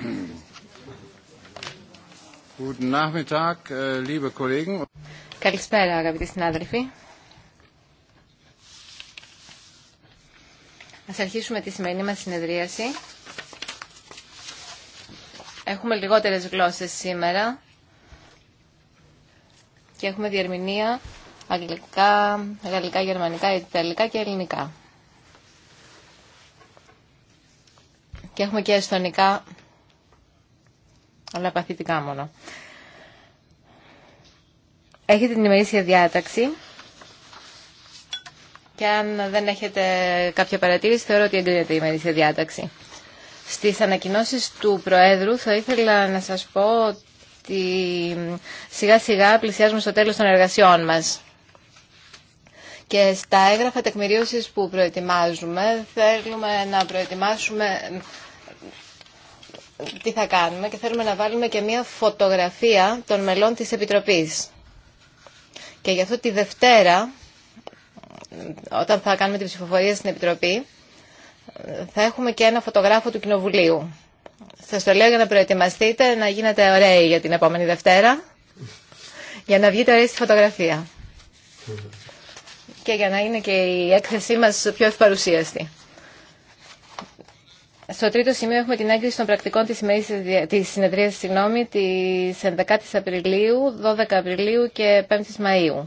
Äh, Καλησπέρα αγαπητοί συνάδελφοι. Ας αρχίσουμε τη σημερινή μας συνεδρίαση. Έχουμε λιγότερες γλώσσες σήμερα και έχουμε διερμηνία αγγλικά, γαλλικά, γερμανικά, ιταλικά και ελληνικά. Και έχουμε και εστονικά αλλά παθητικά μόνο. Έχετε την ημερήσια διάταξη και αν δεν έχετε κάποια παρατήρηση θεωρώ ότι εγκρίνεται η ημερήσια διάταξη. Στις ανακοινώσεις του Προέδρου θα ήθελα να σας πω ότι σιγά σιγά πλησιάζουμε στο τέλος των εργασιών μας. Και στα έγγραφα τεκμηρίωσης που προετοιμάζουμε θέλουμε να προετοιμάσουμε τι θα κάνουμε και θέλουμε να βάλουμε και μια φωτογραφία των μελών της Επιτροπής. Και γι' αυτό τη Δευτέρα, όταν θα κάνουμε την ψηφοφορία στην Επιτροπή, θα έχουμε και ένα φωτογράφο του Κοινοβουλίου. Σα το λέω για να προετοιμαστείτε, να γίνετε ωραίοι για την επόμενη Δευτέρα, για να βγείτε ωραίοι στη φωτογραφία. Και για να είναι και η έκθεσή μας πιο ευπαρουσίαστη. Στο τρίτο σημείο έχουμε την έγκριση των πρακτικών της, της συνεδρίας συγγνώμη, της 11 η Απριλίου, 12 Απριλίου και 5 η Μαΐου.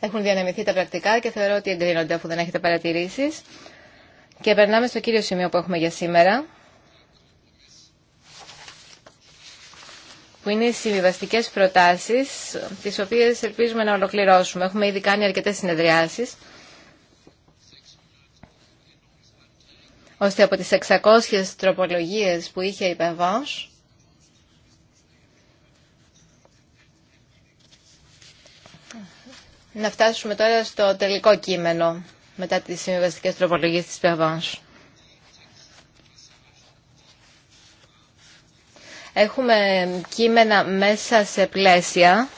Έχουν διανεμηθεί τα πρακτικά και θεωρώ ότι εγκρίνονται αφού δεν έχετε παρατηρήσεις. Και περνάμε στο κύριο σημείο που έχουμε για σήμερα. που είναι οι συμβιβαστικέ προτάσει, τι οποίε ελπίζουμε να ολοκληρώσουμε. Έχουμε ήδη κάνει αρκετέ συνεδριάσει ώστε από τις 600 τροπολογίες που είχε η να φτάσουμε τώρα στο τελικό κείμενο μετά τις συμβιβαστικές τροπολογίες της Πεβάνς. Έχουμε κείμενα μέσα σε πλαίσια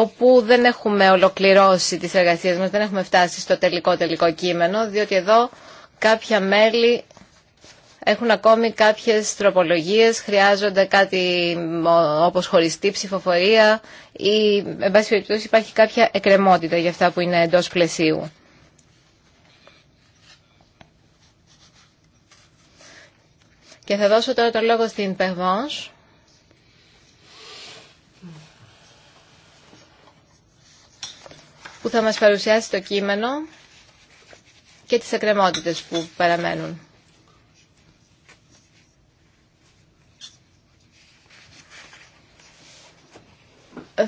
όπου δεν έχουμε ολοκληρώσει τις εργασίες μας, δεν έχουμε φτάσει στο τελικό τελικό κείμενο, διότι εδώ κάποια μέλη έχουν ακόμη κάποιες τροπολογίες, χρειάζονται κάτι όπως χωριστή ψηφοφορία ή, εν πάση περιπτώσει, υπάρχει κάποια εκκρεμότητα για αυτά που είναι εντός πλαισίου. Και θα δώσω τώρα το λόγο στην Περβάνς που θα μας παρουσιάσει το κείμενο και τις εκκρεμότητες που παραμένουν.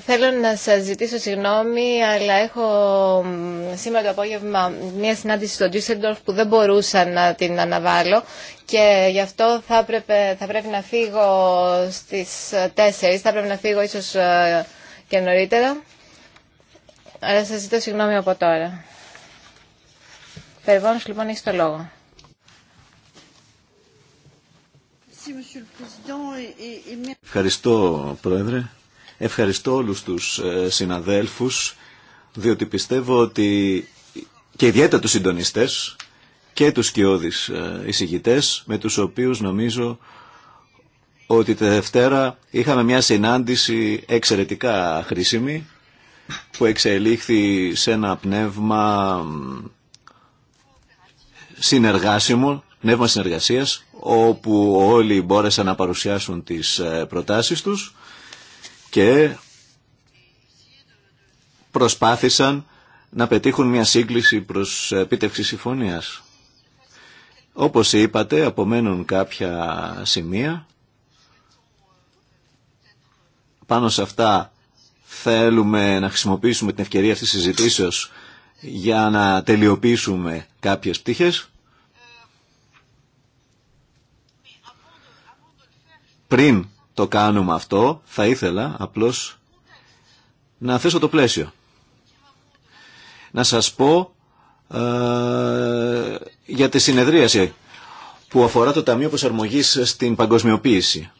Θέλω να σας ζητήσω συγγνώμη, αλλά έχω σήμερα το απόγευμα μια συνάντηση στο Düsseldorf που δεν μπορούσα να την αναβάλω και γι' αυτό θα, πρέπει, να φύγω στις 4, θα πρέπει να φύγω ίσως ε, και νωρίτερα αλλά σας ζητώ συγγνώμη από τώρα. Περιβόνος, λοιπόν, έχει το λόγο. Ευχαριστώ, Πρόεδρε. Ευχαριστώ όλους τους ε, συναδέλφους, διότι πιστεύω ότι και ιδιαίτερα τους συντονιστές και τους σκιώδεις ε, εισηγητές, με τους οποίους νομίζω ότι τη Δευτέρα είχαμε μια συνάντηση εξαιρετικά χρήσιμη που εξελίχθη σε ένα πνεύμα συνεργάσιμο, πνεύμα συνεργασίας, όπου όλοι μπόρεσαν να παρουσιάσουν τις ε, προτάσεις τους και προσπάθησαν να πετύχουν μια σύγκληση προς επίτευξη συμφωνίας. Όπως είπατε, απομένουν κάποια σημεία. Πάνω σε αυτά Θέλουμε να χρησιμοποιήσουμε την ευκαιρία αυτής της συζητήσεως για να τελειοποιήσουμε κάποιες πτυχές. Πριν το κάνουμε αυτό, θα ήθελα απλώς να θέσω το πλαίσιο. Να σας πω ε, για τη συνεδρίαση που αφορά το Ταμείο Προσαρμογής στην Παγκοσμιοποίηση.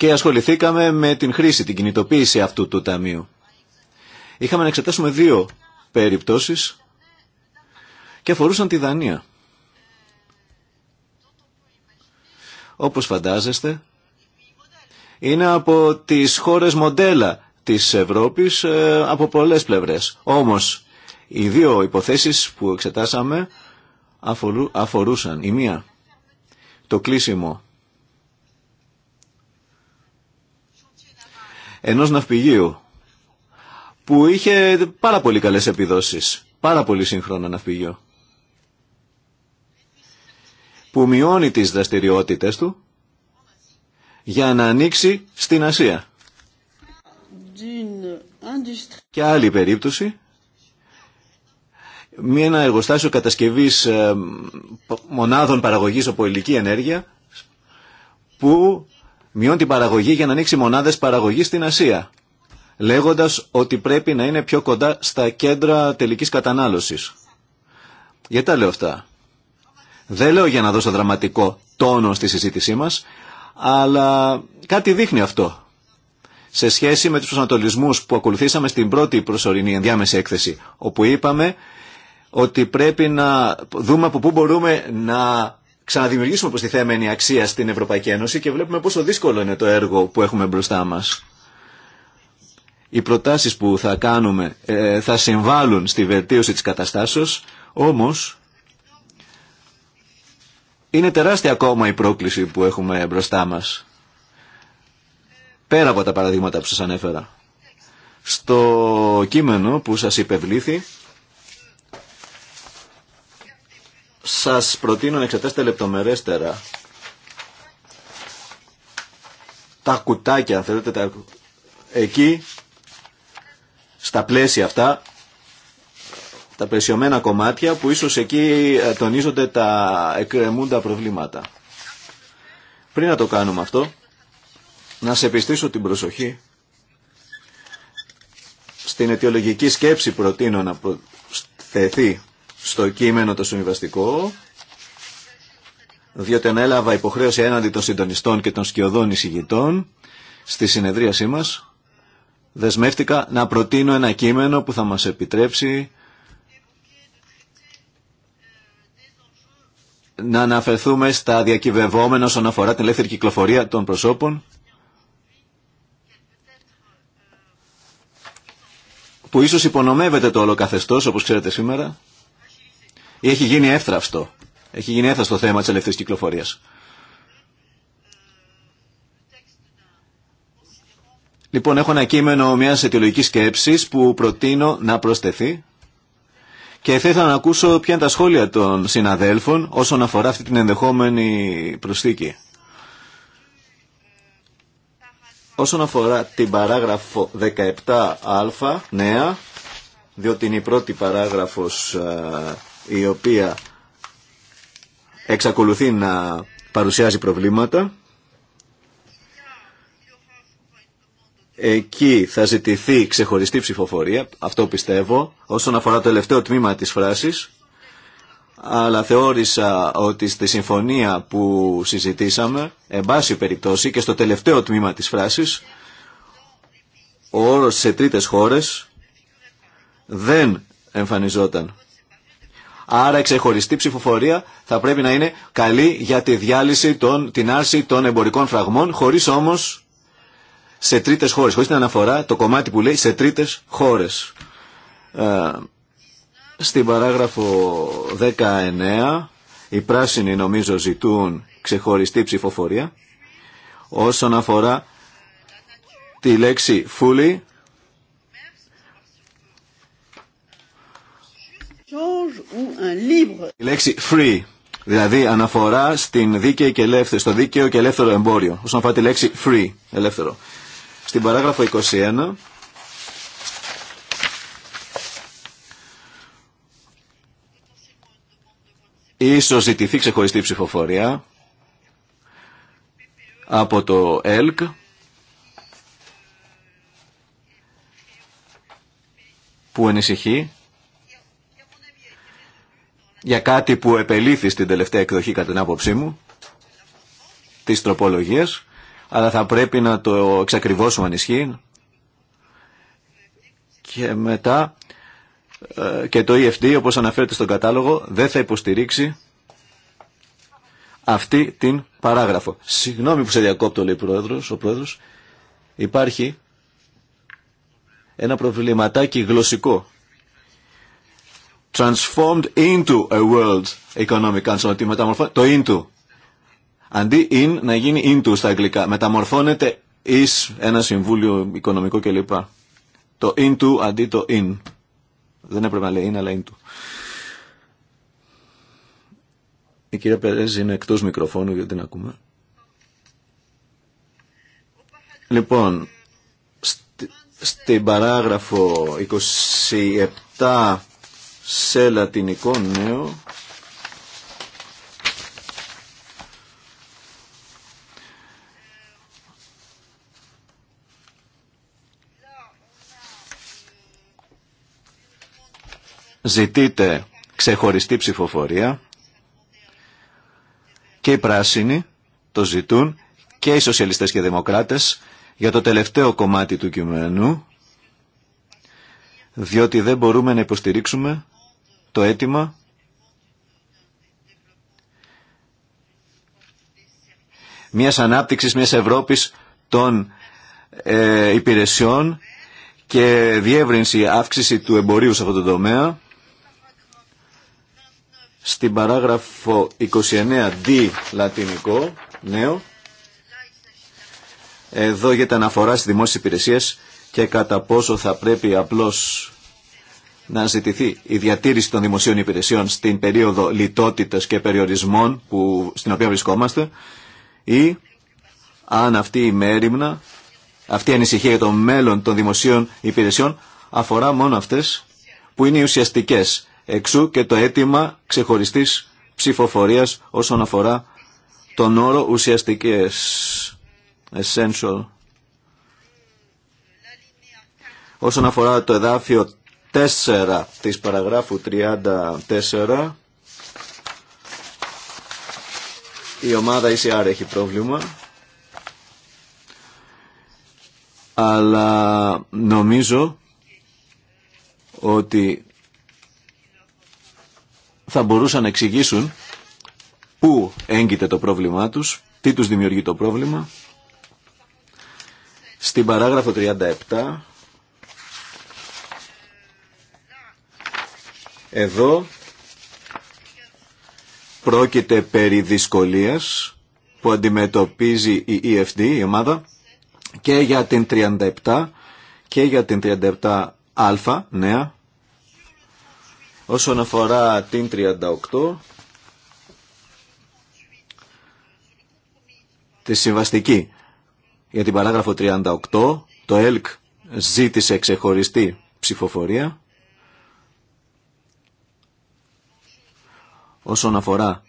και ασχοληθήκαμε με την χρήση, την κινητοποίηση αυτού του ταμείου. Είχαμε να εξετάσουμε δύο περιπτώσεις και αφορούσαν τη Δανία. Όπως φαντάζεστε, είναι από τις χώρες μοντέλα της Ευρώπης ε, από πολλές πλευρές. Όμως, οι δύο υποθέσεις που εξετάσαμε αφορούσαν η μία το κλείσιμο ενός ναυπηγείου που είχε πάρα πολύ καλές επιδόσεις, πάρα πολύ σύγχρονο ναυπηγείο που μειώνει τις δραστηριότητες του για να ανοίξει στην Ασία. Και άλλη περίπτωση, μία ένα εργοστάσιο κατασκευής ε, μονάδων παραγωγής από ηλική ενέργεια που μειώνει την παραγωγή για να ανοίξει μονάδες παραγωγής στην Ασία, λέγοντας ότι πρέπει να είναι πιο κοντά στα κέντρα τελικής κατανάλωσης. Γιατί τα λέω αυτά. Δεν λέω για να δώσω δραματικό τόνο στη συζήτησή μας, αλλά κάτι δείχνει αυτό. Σε σχέση με τους ανατολισμούς που ακολουθήσαμε στην πρώτη προσωρινή ενδιάμεση έκθεση, όπου είπαμε ότι πρέπει να δούμε από πού μπορούμε να ξαναδημιουργήσουμε τη η αξία στην Ευρωπαϊκή Ένωση και βλέπουμε πόσο δύσκολο είναι το έργο που έχουμε μπροστά μας. Οι προτάσεις που θα κάνουμε ε, θα συμβάλλουν στη βελτίωση της καταστάσεως, όμως είναι τεράστια ακόμα η πρόκληση που έχουμε μπροστά μας. Πέρα από τα παραδείγματα που σας ανέφερα. Στο κείμενο που σας υπευλήθη, Σας προτείνω να εξετάσετε λεπτομερέστερα τα κουτάκια, αν θέλετε, εκεί, στα πλαίσια αυτά, τα πλαισιωμένα κομμάτια που ίσως εκεί ε, τονίζονται τα εκκρεμούντα προβλήματα. Πριν να το κάνουμε αυτό, να σε πιστήσω την προσοχή στην αιτιολογική σκέψη προτείνω να θεθεί στο κείμενο το συμβιβαστικό, διότι ανέλαβα υποχρέωση έναντι των συντονιστών και των σκιωδών εισηγητών στη συνεδρίασή μας, δεσμεύτηκα να προτείνω ένα κείμενο που θα μας επιτρέψει να αναφερθούμε στα διακυβευόμενα όσον αφορά την ελεύθερη κυκλοφορία των προσώπων που ίσως υπονομεύεται το όλο καθεστώς όπως ξέρετε σήμερα έχει γίνει εύθραυστο. Έχει γίνει εύθραυστο θέμα της ελευθερής κυκλοφορίας. Λοιπόν, έχω ένα κείμενο μια αιτιολογικής σκέψη που προτείνω να προσθεθεί και θα ήθελα να ακούσω ποια είναι τα σχόλια των συναδέλφων όσον αφορά αυτή την ενδεχόμενη προσθήκη. Όσον αφορά την παράγραφο 17α, νέα, διότι είναι η πρώτη παράγραφος η οποία εξακολουθεί να παρουσιάζει προβλήματα. Εκεί θα ζητηθεί ξεχωριστή ψηφοφορία, αυτό πιστεύω, όσον αφορά το τελευταίο τμήμα της φράσης, αλλά θεώρησα ότι στη συμφωνία που συζητήσαμε, εν πάση περιπτώσει και στο τελευταίο τμήμα της φράσης, ο όρος σε τρίτες χώρες δεν εμφανιζόταν. Άρα η ξεχωριστή ψηφοφορία θα πρέπει να είναι καλή για τη διάλυση, των, την άρση των εμπορικών φραγμών, χωρίς όμως σε τρίτες χώρες, χωρίς την αναφορά το κομμάτι που λέει σε τρίτες χώρες. Ε, στην παράγραφο 19 οι πράσινοι νομίζω ζητούν ξεχωριστή ψηφοφορία όσον αφορά τη λέξη fully Η λέξη free, δηλαδή αναφορά στην δίκαιη και ελεύθερη, στο δίκαιο και ελεύθερο εμπόριο, όσον αφορά τη λέξη free, ελεύθερο. Στην παράγραφο 21, ίσως ζητηθεί ξεχωριστή ψηφοφορία από το ΕΛΚ που ενισχύει για κάτι που επελήθη στην τελευταία εκδοχή κατά την άποψή μου της τροπολογίας αλλά θα πρέπει να το εξακριβώσουμε αν ισχύει και μετά ε, και το EFD όπως αναφέρεται στον κατάλογο δεν θα υποστηρίξει αυτή την παράγραφο. Συγγνώμη που σε διακόπτω λέει ο πρόεδρος, ο πρόεδρος. Υπάρχει ένα προβληματάκι γλωσσικό transformed into a world economic council, ότι μεταμορφώνεται το into. Αντί in να γίνει into στα αγγλικά. Μεταμορφώνεται εις ένα συμβούλιο οικονομικό κλπ. Το into αντί το in. Δεν έπρεπε να λέει in αλλά into. Η κυρία Περέζη είναι εκτός μικροφώνου γιατί την ακούμε. Λοιπόν, στην παράγραφο 27 σε λατινικό νέο Ζητείτε ξεχωριστή ψηφοφορία και οι πράσινοι το ζητούν και οι σοσιαλιστές και οι δημοκράτες για το τελευταίο κομμάτι του κειμένου διότι δεν μπορούμε να υποστηρίξουμε το αίτημα μιας ανάπτυξης μιας Ευρώπης των ε, υπηρεσιών και διεύρυνση, αύξηση του εμπορίου σε αυτό το τομέα. Στην παράγραφο 29D λατινικό, νέο, εδώ γίνεται αναφορά στις δημόσιες υπηρεσίες και κατά πόσο θα πρέπει απλώς να ζητηθεί η διατήρηση των δημοσίων υπηρεσιών στην περίοδο λιτότητας και περιορισμών που, στην οποία βρισκόμαστε ή αν αυτή η μέρημνα, αυτή η ανησυχία για το μέλλον των δημοσίων υπηρεσιών αφορά μόνο αυτές που είναι οι ουσιαστικές. Εξού και το αίτημα ξεχωριστής ψηφοφορίας όσον αφορά τον όρο ουσιαστικές. Essential. Όσον αφορά το εδάφιο 4 της παραγράφου 34 η ομάδα ECR έχει πρόβλημα αλλά νομίζω ότι θα μπορούσαν να εξηγήσουν πού έγκυται το πρόβλημά τους, τι τους δημιουργεί το πρόβλημα. Στην παράγραφο 37 Εδώ πρόκειται περί δυσκολίας που αντιμετωπίζει η EFD, η ομάδα, και για την 37 και για την 37α νέα. Όσον αφορά την 38, τη συμβαστική για την παράγραφο 38, το ΕΛΚ ζήτησε ξεχωριστή ψηφοφορία όσον αφορά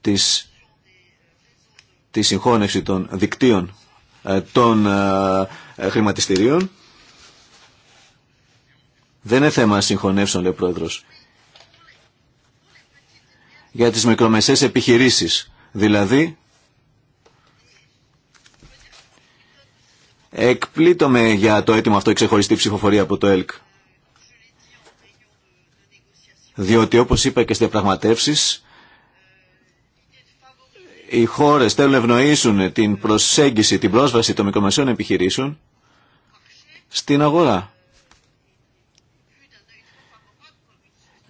τις, τη συγχώνευση των δικτύων ε, των ε, ε, χρηματιστηρίων. Δεν είναι θέμα συγχωνεύσεων, λέει ο Πρόεδρος. Για τις μικρομεσαίες επιχειρήσεις, δηλαδή εκπλήττομαι για το αίτημα αυτό η ξεχωριστή ψηφοφορία από το ΕΛΚ. Διότι όπως είπα και στις διαπραγματεύσεις, οι χώρες θέλουν να ευνοήσουν την προσέγγιση, την πρόσβαση των μικρομεσαίων επιχειρήσεων στην αγορά.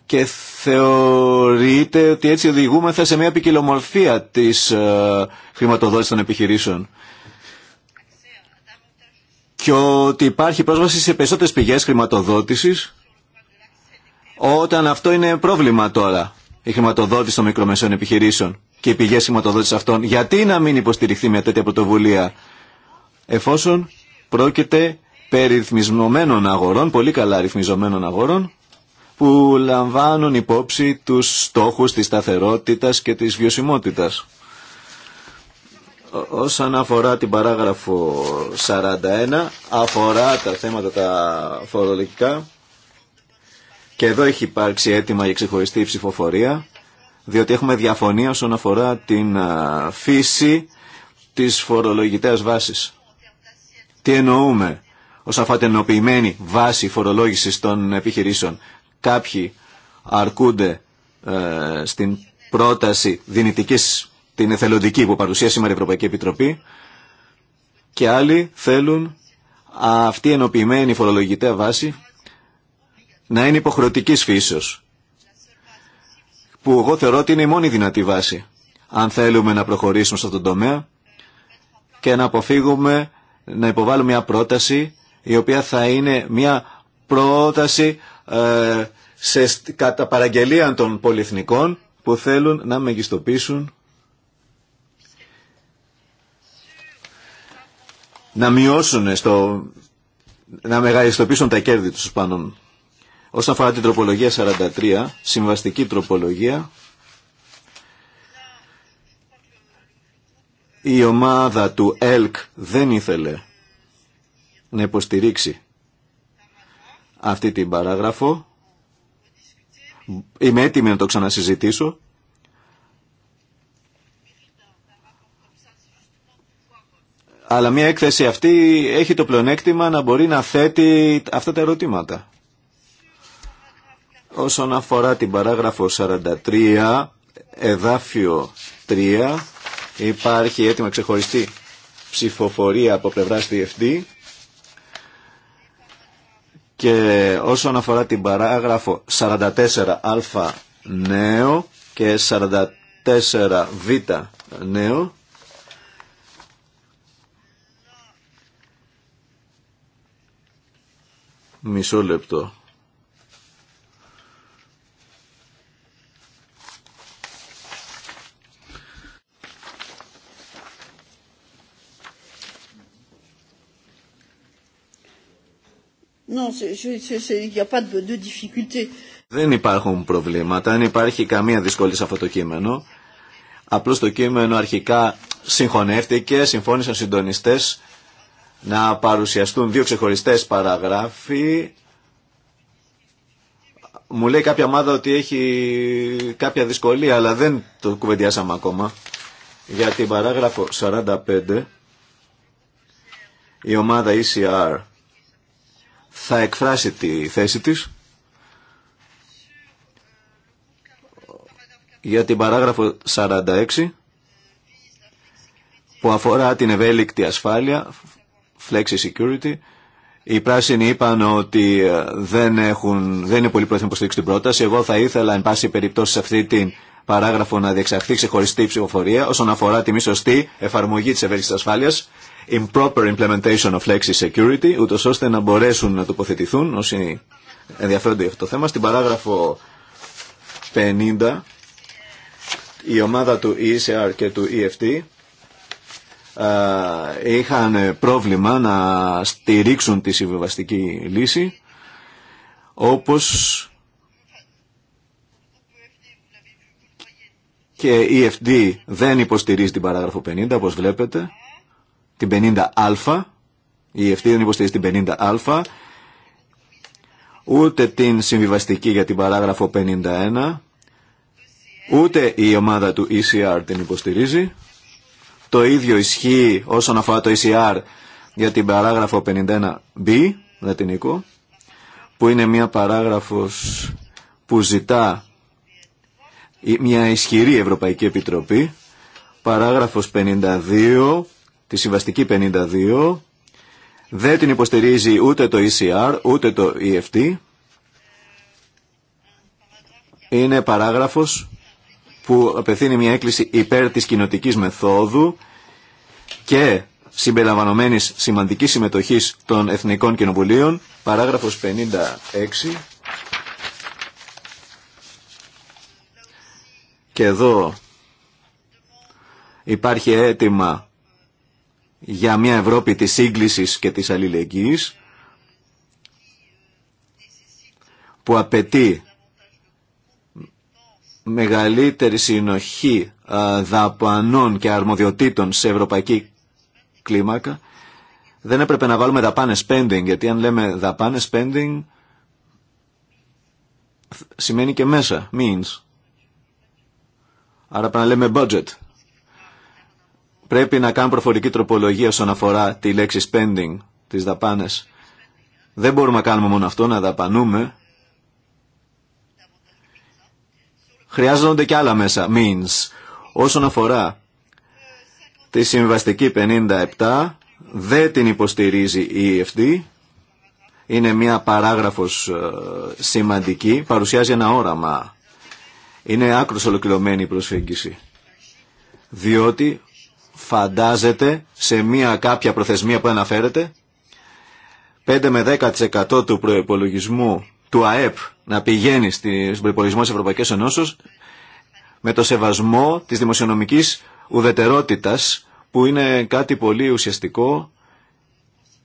Και θεωρείται ότι έτσι οδηγούμεθα σε μια ποικιλομορφία της ε, χρηματοδότησης των επιχειρήσεων. Και ότι υπάρχει πρόσβαση σε περισσότερες πηγές χρηματοδότησης όταν αυτό είναι πρόβλημα τώρα, η χρηματοδότηση των μικρομεσαίων επιχειρήσεων και οι πηγέ χρηματοδότηση αυτών, γιατί να μην υποστηριχθεί μια τέτοια πρωτοβουλία, εφόσον πρόκειται περί ρυθμισμένων αγορών, πολύ καλά ρυθμιζομένων αγορών, που λαμβάνουν υπόψη τους στόχους της σταθερότητας και της βιωσιμότητας. Όσον αφορά την παράγραφο 41, αφορά τα θέματα τα φορολογικά, και εδώ έχει υπάρξει αίτημα για ξεχωριστή ψηφοφορία, διότι έχουμε διαφωνία όσον αφορά την φύση της φορολογητέας βάσης. Τι εννοούμε όσον αφορά την ενοποιημένη βάση φορολόγησης των επιχειρήσεων. Κάποιοι αρκούνται ε, στην πρόταση δυνητικής, την εθελοντική που παρουσίασε σήμερα η Ευρωπαϊκή Επιτροπή και άλλοι θέλουν αυτή η ενοποιημένη φορολογητέα βάση να είναι υποχρεωτικής φύσεως, που εγώ θεωρώ ότι είναι η μόνη δυνατή βάση, αν θέλουμε να προχωρήσουμε σε αυτόν τον τομέα και να αποφύγουμε να υποβάλουμε μια πρόταση η οποία θα είναι μια πρόταση ε, σε, κατά παραγγελία των πολυεθνικών που θέλουν να μεγιστοποιήσουν να μειώσουν στο να μεγαλιστοποιήσουν τα κέρδη τους πάνω Όσον αφορά την τροπολογία 43, συμβαστική τροπολογία, η ομάδα του ΕΛΚ δεν ήθελε να υποστηρίξει αυτή την παράγραφο. Είμαι έτοιμη να το ξανασυζητήσω. Αλλά μια έκθεση αυτή έχει το πλεονέκτημα να μπορεί να θέτει αυτά τα ερωτήματα. Όσον αφορά την παράγραφο 43, εδάφιο 3, υπάρχει έτοιμα ξεχωριστή ψηφοφορία από πλευρά DFD και όσον αφορά την παράγραφο 44α νέο και 44β νέο μισό λεπτό Δεν υπάρχουν προβλήματα, δεν υπάρχει καμία δυσκολία σε αυτό το κείμενο. Απλώς το κείμενο αρχικά συγχωνεύτηκε, συμφώνησαν συντονιστές να παρουσιαστούν δύο ξεχωριστές παραγράφοι. Μου λέει κάποια ομάδα ότι έχει κάποια δυσκολία, αλλά δεν το κουβεντιάσαμε ακόμα. Για την παράγραφο 45, η ομάδα ECR θα εκφράσει τη θέση της για την παράγραφο 46 που αφορά την ευέλικτη ασφάλεια, flexi security. Οι πράσινοι είπαν ότι ε, δεν, έχουν, δεν είναι πολύ πρόθυμοι να υποστηρίξουν την πρόταση. Εγώ θα ήθελα, εν πάση περιπτώσει, σε αυτή την παράγραφο να διεξαχθεί ξεχωριστή ψηφοφορία όσον αφορά τη μη σωστή εφαρμογή τη ευέλικτη ασφάλεια improper implementation of Lexi Security, ούτως ώστε να μπορέσουν να τοποθετηθούν όσοι ενδιαφέρονται για αυτό το θέμα. Στην παράγραφο 50, η ομάδα του ECR και του EFT είχαν πρόβλημα να στηρίξουν τη συμβιβαστική λύση, όπως και η EFT δεν υποστηρίζει την παράγραφο 50, όπως βλέπετε την 50α, η ευθύνη υποστηρίζει την 50α, ούτε την συμβιβαστική για την παράγραφο 51, ούτε η ομάδα του ECR την υποστηρίζει. Το ίδιο ισχύει όσον αφορά το ECR για την παράγραφο 51b, λατινικό, που είναι μια παράγραφος που ζητά μια ισχυρή Ευρωπαϊκή Επιτροπή, παράγραφος 52 τη συμβαστική 52. Δεν την υποστηρίζει ούτε το ECR, ούτε το EFT. Είναι παράγραφος που απευθύνει μια έκκληση υπέρ της κοινοτική μεθόδου και συμπεριλαμβανομένης σημαντικής συμμετοχής των Εθνικών Κοινοβουλίων, παράγραφος 56. Και εδώ υπάρχει αίτημα για μια Ευρώπη της σύγκλησης και της αλληλεγγύης που απαιτεί μεγαλύτερη συνοχή δαπανών και αρμοδιοτήτων σε ευρωπαϊκή κλίμακα δεν έπρεπε να βάλουμε δαπάνε spending γιατί αν λέμε δαπάνε spending σημαίνει και μέσα, means. Άρα πρέπει να λέμε budget πρέπει να κάνω προφορική τροπολογία όσον αφορά τη λέξη spending, τις δαπάνες. Δεν μπορούμε να κάνουμε μόνο αυτό, να δαπανούμε. Χρειάζονται και άλλα μέσα, means. Όσον αφορά τη συμβαστική 57, δεν την υποστηρίζει η EFD. Είναι μια παράγραφος ε, σημαντική, παρουσιάζει ένα όραμα. Είναι άκρος ολοκληρωμένη η προσέγγιση. Διότι φαντάζεται σε μία κάποια προθεσμία που αναφέρεται 5 με 10% του προϋπολογισμού του ΑΕΠ να πηγαίνει στους προϋπολογισμό της Ευρωπαϊκής με το σεβασμό της δημοσιονομικής ουδετερότητας που είναι κάτι πολύ ουσιαστικό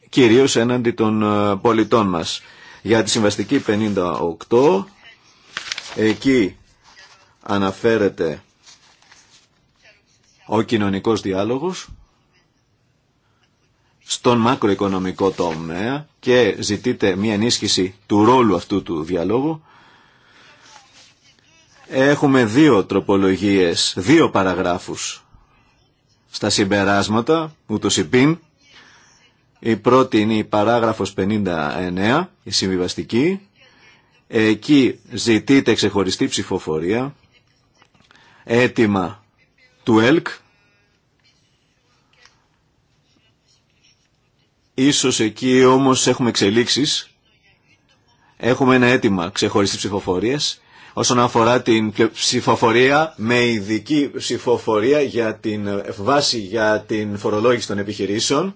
κυρίως έναντι των ε, πολιτών μας. Για τη συμβαστική 58 εκεί αναφέρεται ο κοινωνικός διάλογος στον μακροοικονομικό τομέα και ζητείτε μια ενίσχυση του ρόλου αυτού του διαλόγου. Έχουμε δύο τροπολογίες, δύο παραγράφους στα συμπεράσματα, ούτως πίν. Η πρώτη είναι η παράγραφος 59, η συμβιβαστική. Εκεί ζητείτε ξεχωριστή ψηφοφορία, έτοιμα του ΕΛΚ. Ίσως εκεί όμως έχουμε εξελίξεις. Έχουμε ένα αίτημα ξεχωριστή ψηφοφορία. όσον αφορά την ψηφοφορία με ειδική ψηφοφορία για την βάση για την φορολόγηση των επιχειρήσεων.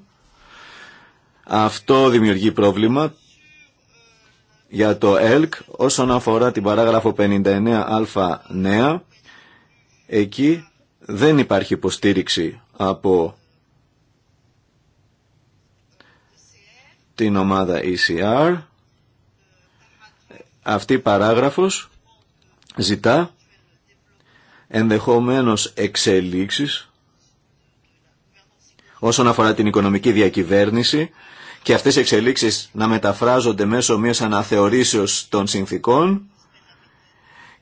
Αυτό δημιουργεί πρόβλημα για το ΕΛΚ όσον αφορά την παράγραφο 59α νέα. Εκεί δεν υπάρχει υποστήριξη από την ομάδα ECR. Αυτή η παράγραφος ζητά ενδεχομένως εξελίξεις όσον αφορά την οικονομική διακυβέρνηση και αυτές οι εξελίξεις να μεταφράζονται μέσω μιας αναθεωρήσεως των συνθήκων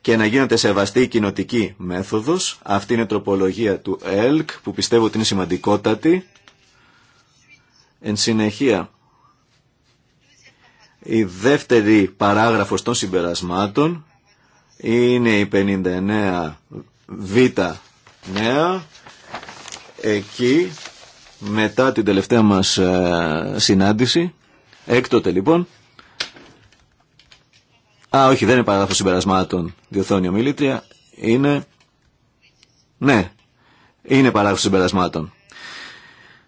και να γίνεται σεβαστή η κοινοτική μέθοδος. Αυτή είναι η τροπολογία του ΕΛΚ που πιστεύω ότι είναι σημαντικότατη. Εν συνεχεία, η δεύτερη παράγραφος των συμπερασμάτων είναι η 59 Β νέα. Εκεί μετά την τελευταία μας ε, συνάντηση, έκτοτε λοιπόν, Α, όχι, δεν είναι παράγραφο συμπερασμάτων, διορθώνει Μιλήτρια. Είναι... Ναι, είναι παράγραφο συμπερασμάτων.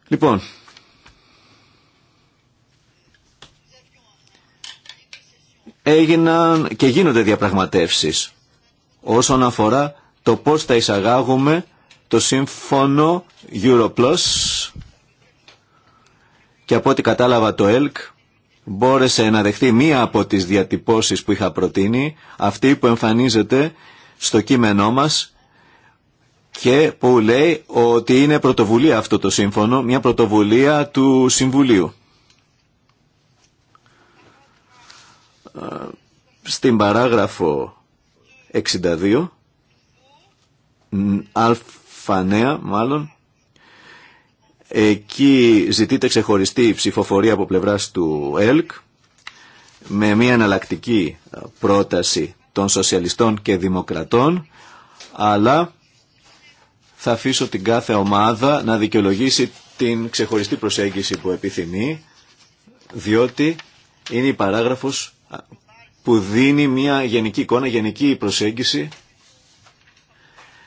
Λοιπόν, έγιναν και γίνονται διαπραγματεύσεις όσον αφορά το πώς θα εισαγάγουμε το σύμφωνο Europlus και από ό,τι κατάλαβα το ΕΛΚ μπόρεσε να δεχτεί μία από τις διατυπώσεις που είχα προτείνει, αυτή που εμφανίζεται στο κείμενό μας και που λέει ότι είναι πρωτοβουλία αυτό το σύμφωνο, μια πρωτοβουλία του Συμβουλίου. Στην παράγραφο 62, αλφανέα μάλλον, Εκεί ζητείται ξεχωριστή ψηφοφορία από πλευράς του ΕΛΚ με μια εναλλακτική πρόταση των σοσιαλιστών και δημοκρατών αλλά θα αφήσω την κάθε ομάδα να δικαιολογήσει την ξεχωριστή προσέγγιση που επιθυμεί διότι είναι η παράγραφος που δίνει μια γενική εικόνα, γενική προσέγγιση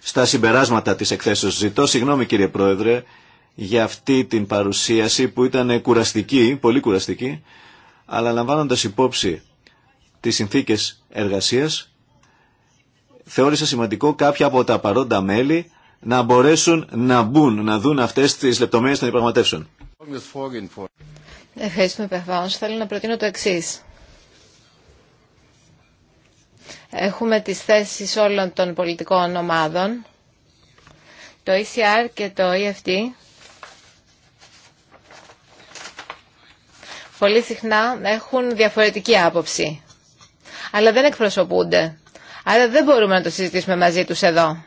στα συμπεράσματα της εκθέσεως. Ζητώ συγγνώμη κύριε Πρόεδρε για αυτή την παρουσίαση που ήταν κουραστική, πολύ κουραστική, αλλά λαμβάνοντας υπόψη τις συνθήκες εργασίας, θεώρησα σημαντικό κάποια από τα παρόντα μέλη να μπορέσουν να μπουν, να δουν αυτές τις λεπτομέρειες των υπραγματεύσεων. Ευχαριστούμε Πεχβάους. Θέλω να προτείνω το εξή. Έχουμε τις θέσεις όλων των πολιτικών ομάδων. Το ECR και το EFT πολύ συχνά έχουν διαφορετική άποψη. Αλλά δεν εκπροσωπούνται. Άρα δεν μπορούμε να το συζητήσουμε μαζί τους εδώ.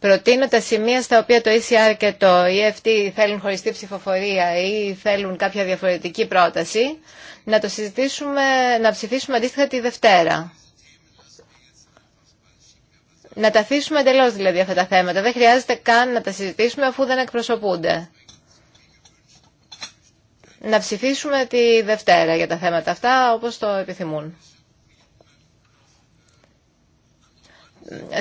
Προτείνω τα σημεία στα οποία το ECR και το EFT θέλουν χωριστή ψηφοφορία ή θέλουν κάποια διαφορετική πρόταση, να το συζητήσουμε, να ψηφίσουμε αντίστοιχα τη Δευτέρα. Να τα αφήσουμε εντελώ δηλαδή αυτά τα θέματα. Δεν χρειάζεται καν να τα συζητήσουμε αφού δεν εκπροσωπούνται να ψηφίσουμε τη Δευτέρα για τα θέματα αυτά όπως το επιθυμούν.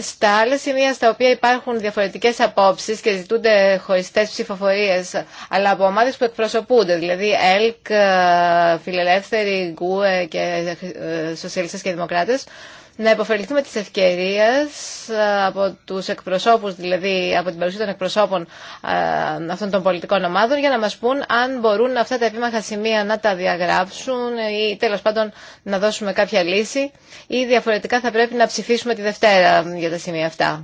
Στα άλλα σημεία στα οποία υπάρχουν διαφορετικές απόψεις και ζητούνται χωριστές ψηφοφορίες, αλλά από ομάδες που εκπροσωπούνται, δηλαδή ΕΛΚ, ε, Φιλελεύθεροι, ΓΚΟΕ και ε, Σοσιαλιστές και Δημοκράτες, να υποφεληθούμε της ευκαιρίας ε, από τους εκπροσώπους, δηλαδή από την παρουσία των εκπροσώπων ε, αυτών των πολιτικών ομάδων για να μας πούν αν μπορούν αυτά τα επίμαχα σημεία να τα διαγράψουν ή τέλος πάντων να δώσουμε κάποια λύση ή διαφορετικά θα πρέπει να ψηφίσουμε τη Δευτέρα για τα σημεία αυτά.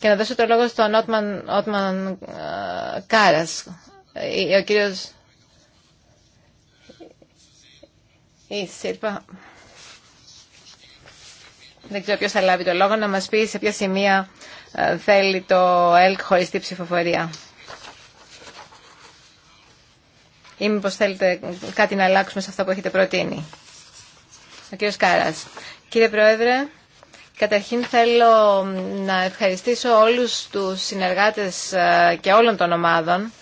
Και να δώσω το λόγο στον Ότμαν, Ότμαν ε, Κάρας. Ο κύριος Η ΣΥΡΠΑ δεν ξέρω ποιος θα λάβει το λόγο να μας πει σε ποια σημεία ε, θέλει το ΕΛΚ χωριστή ψηφοφορία. Ή μήπως θέλετε κάτι να αλλάξουμε σε αυτά που έχετε προτείνει. Ο κύριος Κάρας. Κύριε Πρόεδρε, καταρχήν θέλω να ευχαριστήσω όλους τους συνεργάτες ε, και όλων των ομάδων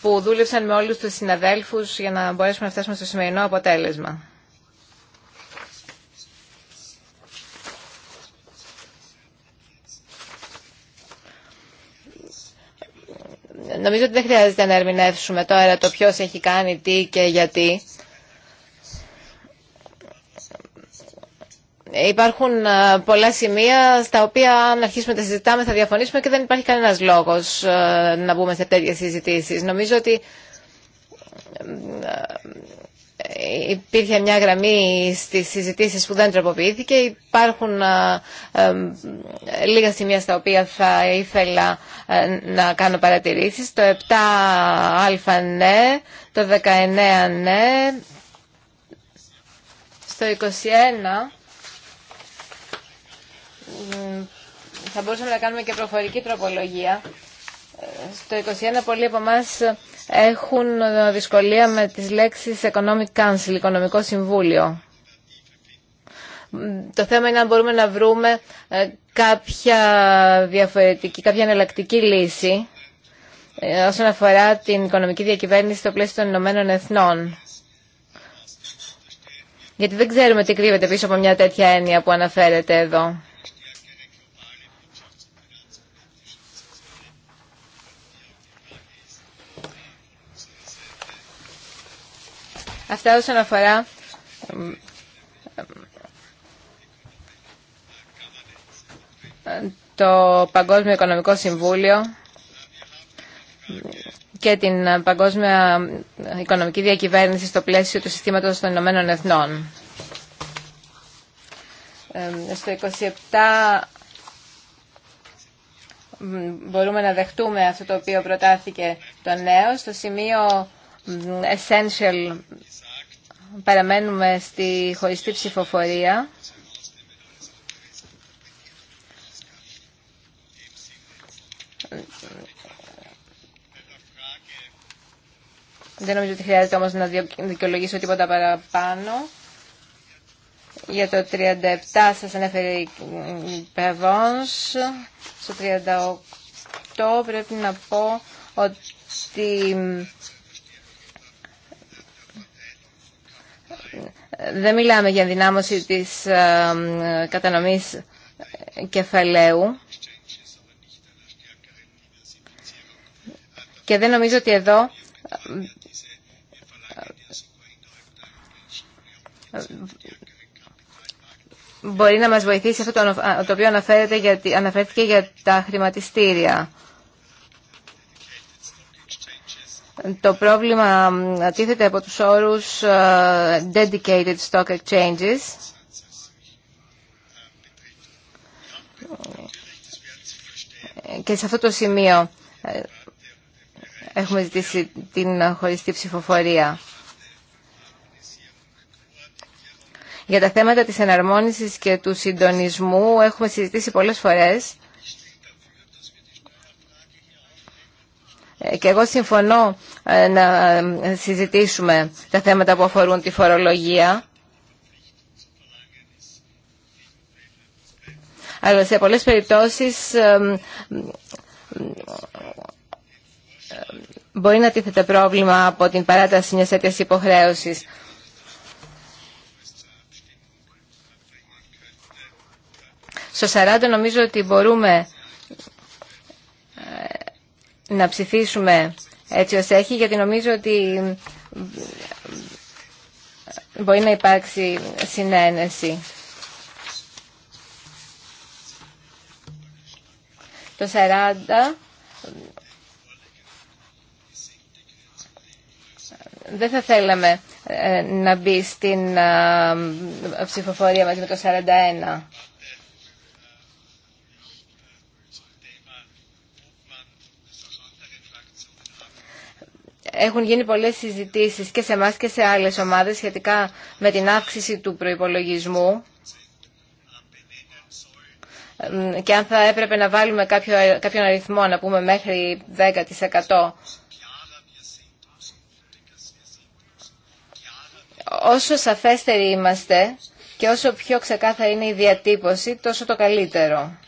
που δούλευσαν με όλους τους συναδέλφους για να μπορέσουμε να φτάσουμε στο σημερινό αποτέλεσμα. Νομίζω ότι δεν χρειάζεται να ερμηνεύσουμε τώρα το ποιος έχει κάνει τι και γιατί. Υπάρχουν ε, πολλά σημεία στα οποία αν αρχίσουμε να τα συζητάμε θα διαφωνήσουμε και δεν υπάρχει κανένας λόγος ε, να μπούμε σε τέτοιες συζητήσεις. Νομίζω ότι ε, υπήρχε μια γραμμή στις συζητήσεις που δεν τροποποιήθηκε. Υπάρχουν λίγα σημεία στα οποία θα ήθελα να κάνω παρατηρήσεις. Το 7α ναι, το 19 ναι, στο 21 θα μπορούσαμε να κάνουμε και προφορική τροπολογία. Στο 21 πολλοί από εμά έχουν δυσκολία με τις λέξεις Economic Council, Οικονομικό Συμβούλιο. Το θέμα είναι αν μπορούμε να βρούμε ε, κάποια διαφορετική, κάποια εναλλακτική λύση ε, όσον αφορά την οικονομική διακυβέρνηση στο πλαίσιο των Ηνωμένων Εθνών. Γιατί δεν ξέρουμε τι κρύβεται πίσω από μια τέτοια έννοια που αναφέρεται εδώ. Αυτά όσον αφορά το Παγκόσμιο Οικονομικό Συμβούλιο και την Παγκόσμια Οικονομική Διακυβέρνηση στο πλαίσιο του Συστήματος των Ηνωμένων Εθνών. Ε, στο 27 μπορούμε να δεχτούμε αυτό το οποίο προτάθηκε το νέο. Στο σημείο essential παραμένουμε στη χωριστή ψηφοφορία. Δεν νομίζω ότι χρειάζεται όμως να δικαιολογήσω τίποτα παραπάνω. Για το 37 σας ανέφερε η Περβόνς. Στο 38 πρέπει να πω ότι Δεν μιλάμε για δυνάμωση της ε, κατανομής κεφαλαίου. Και δεν νομίζω ότι εδώ ε, ε, μπορεί να μας βοηθήσει αυτό το οποίο αναφέρεται για, αναφέρθηκε για τα χρηματιστήρια. Το πρόβλημα τίθεται από τους όρους ε, dedicated stock exchanges. Και σε αυτό το σημείο ε, έχουμε ζητήσει την χωριστή ψηφοφορία. Για τα θέματα της εναρμόνισης και του συντονισμού έχουμε συζητήσει πολλές φορές Και εγώ συμφωνώ ε, να ε, συζητήσουμε τα θέματα που αφορούν τη φορολογία. Αλλά σε πολλές περιπτώσεις ε, μπορεί να τίθεται πρόβλημα από την παράταση μιας τέτοιας υποχρέωσης. Στο 40 νομίζω ότι μπορούμε να ψηφίσουμε έτσι ως έχει, γιατί νομίζω ότι μπορεί να υπάρξει συνένεση. Το 40 δεν θα θέλαμε ε, να μπει στην ε, ψηφοφορία μαζί με το 41. Έχουν γίνει πολλές συζητήσεις και σε εμά και σε άλλες ομάδες σχετικά με την αύξηση του προϋπολογισμού και αν θα έπρεπε να βάλουμε κάποιο, κάποιον αριθμό, να πούμε μέχρι 10%. Όσο σαφέστεροι είμαστε και όσο πιο ξεκάθαρη είναι η διατύπωση, τόσο το καλύτερο.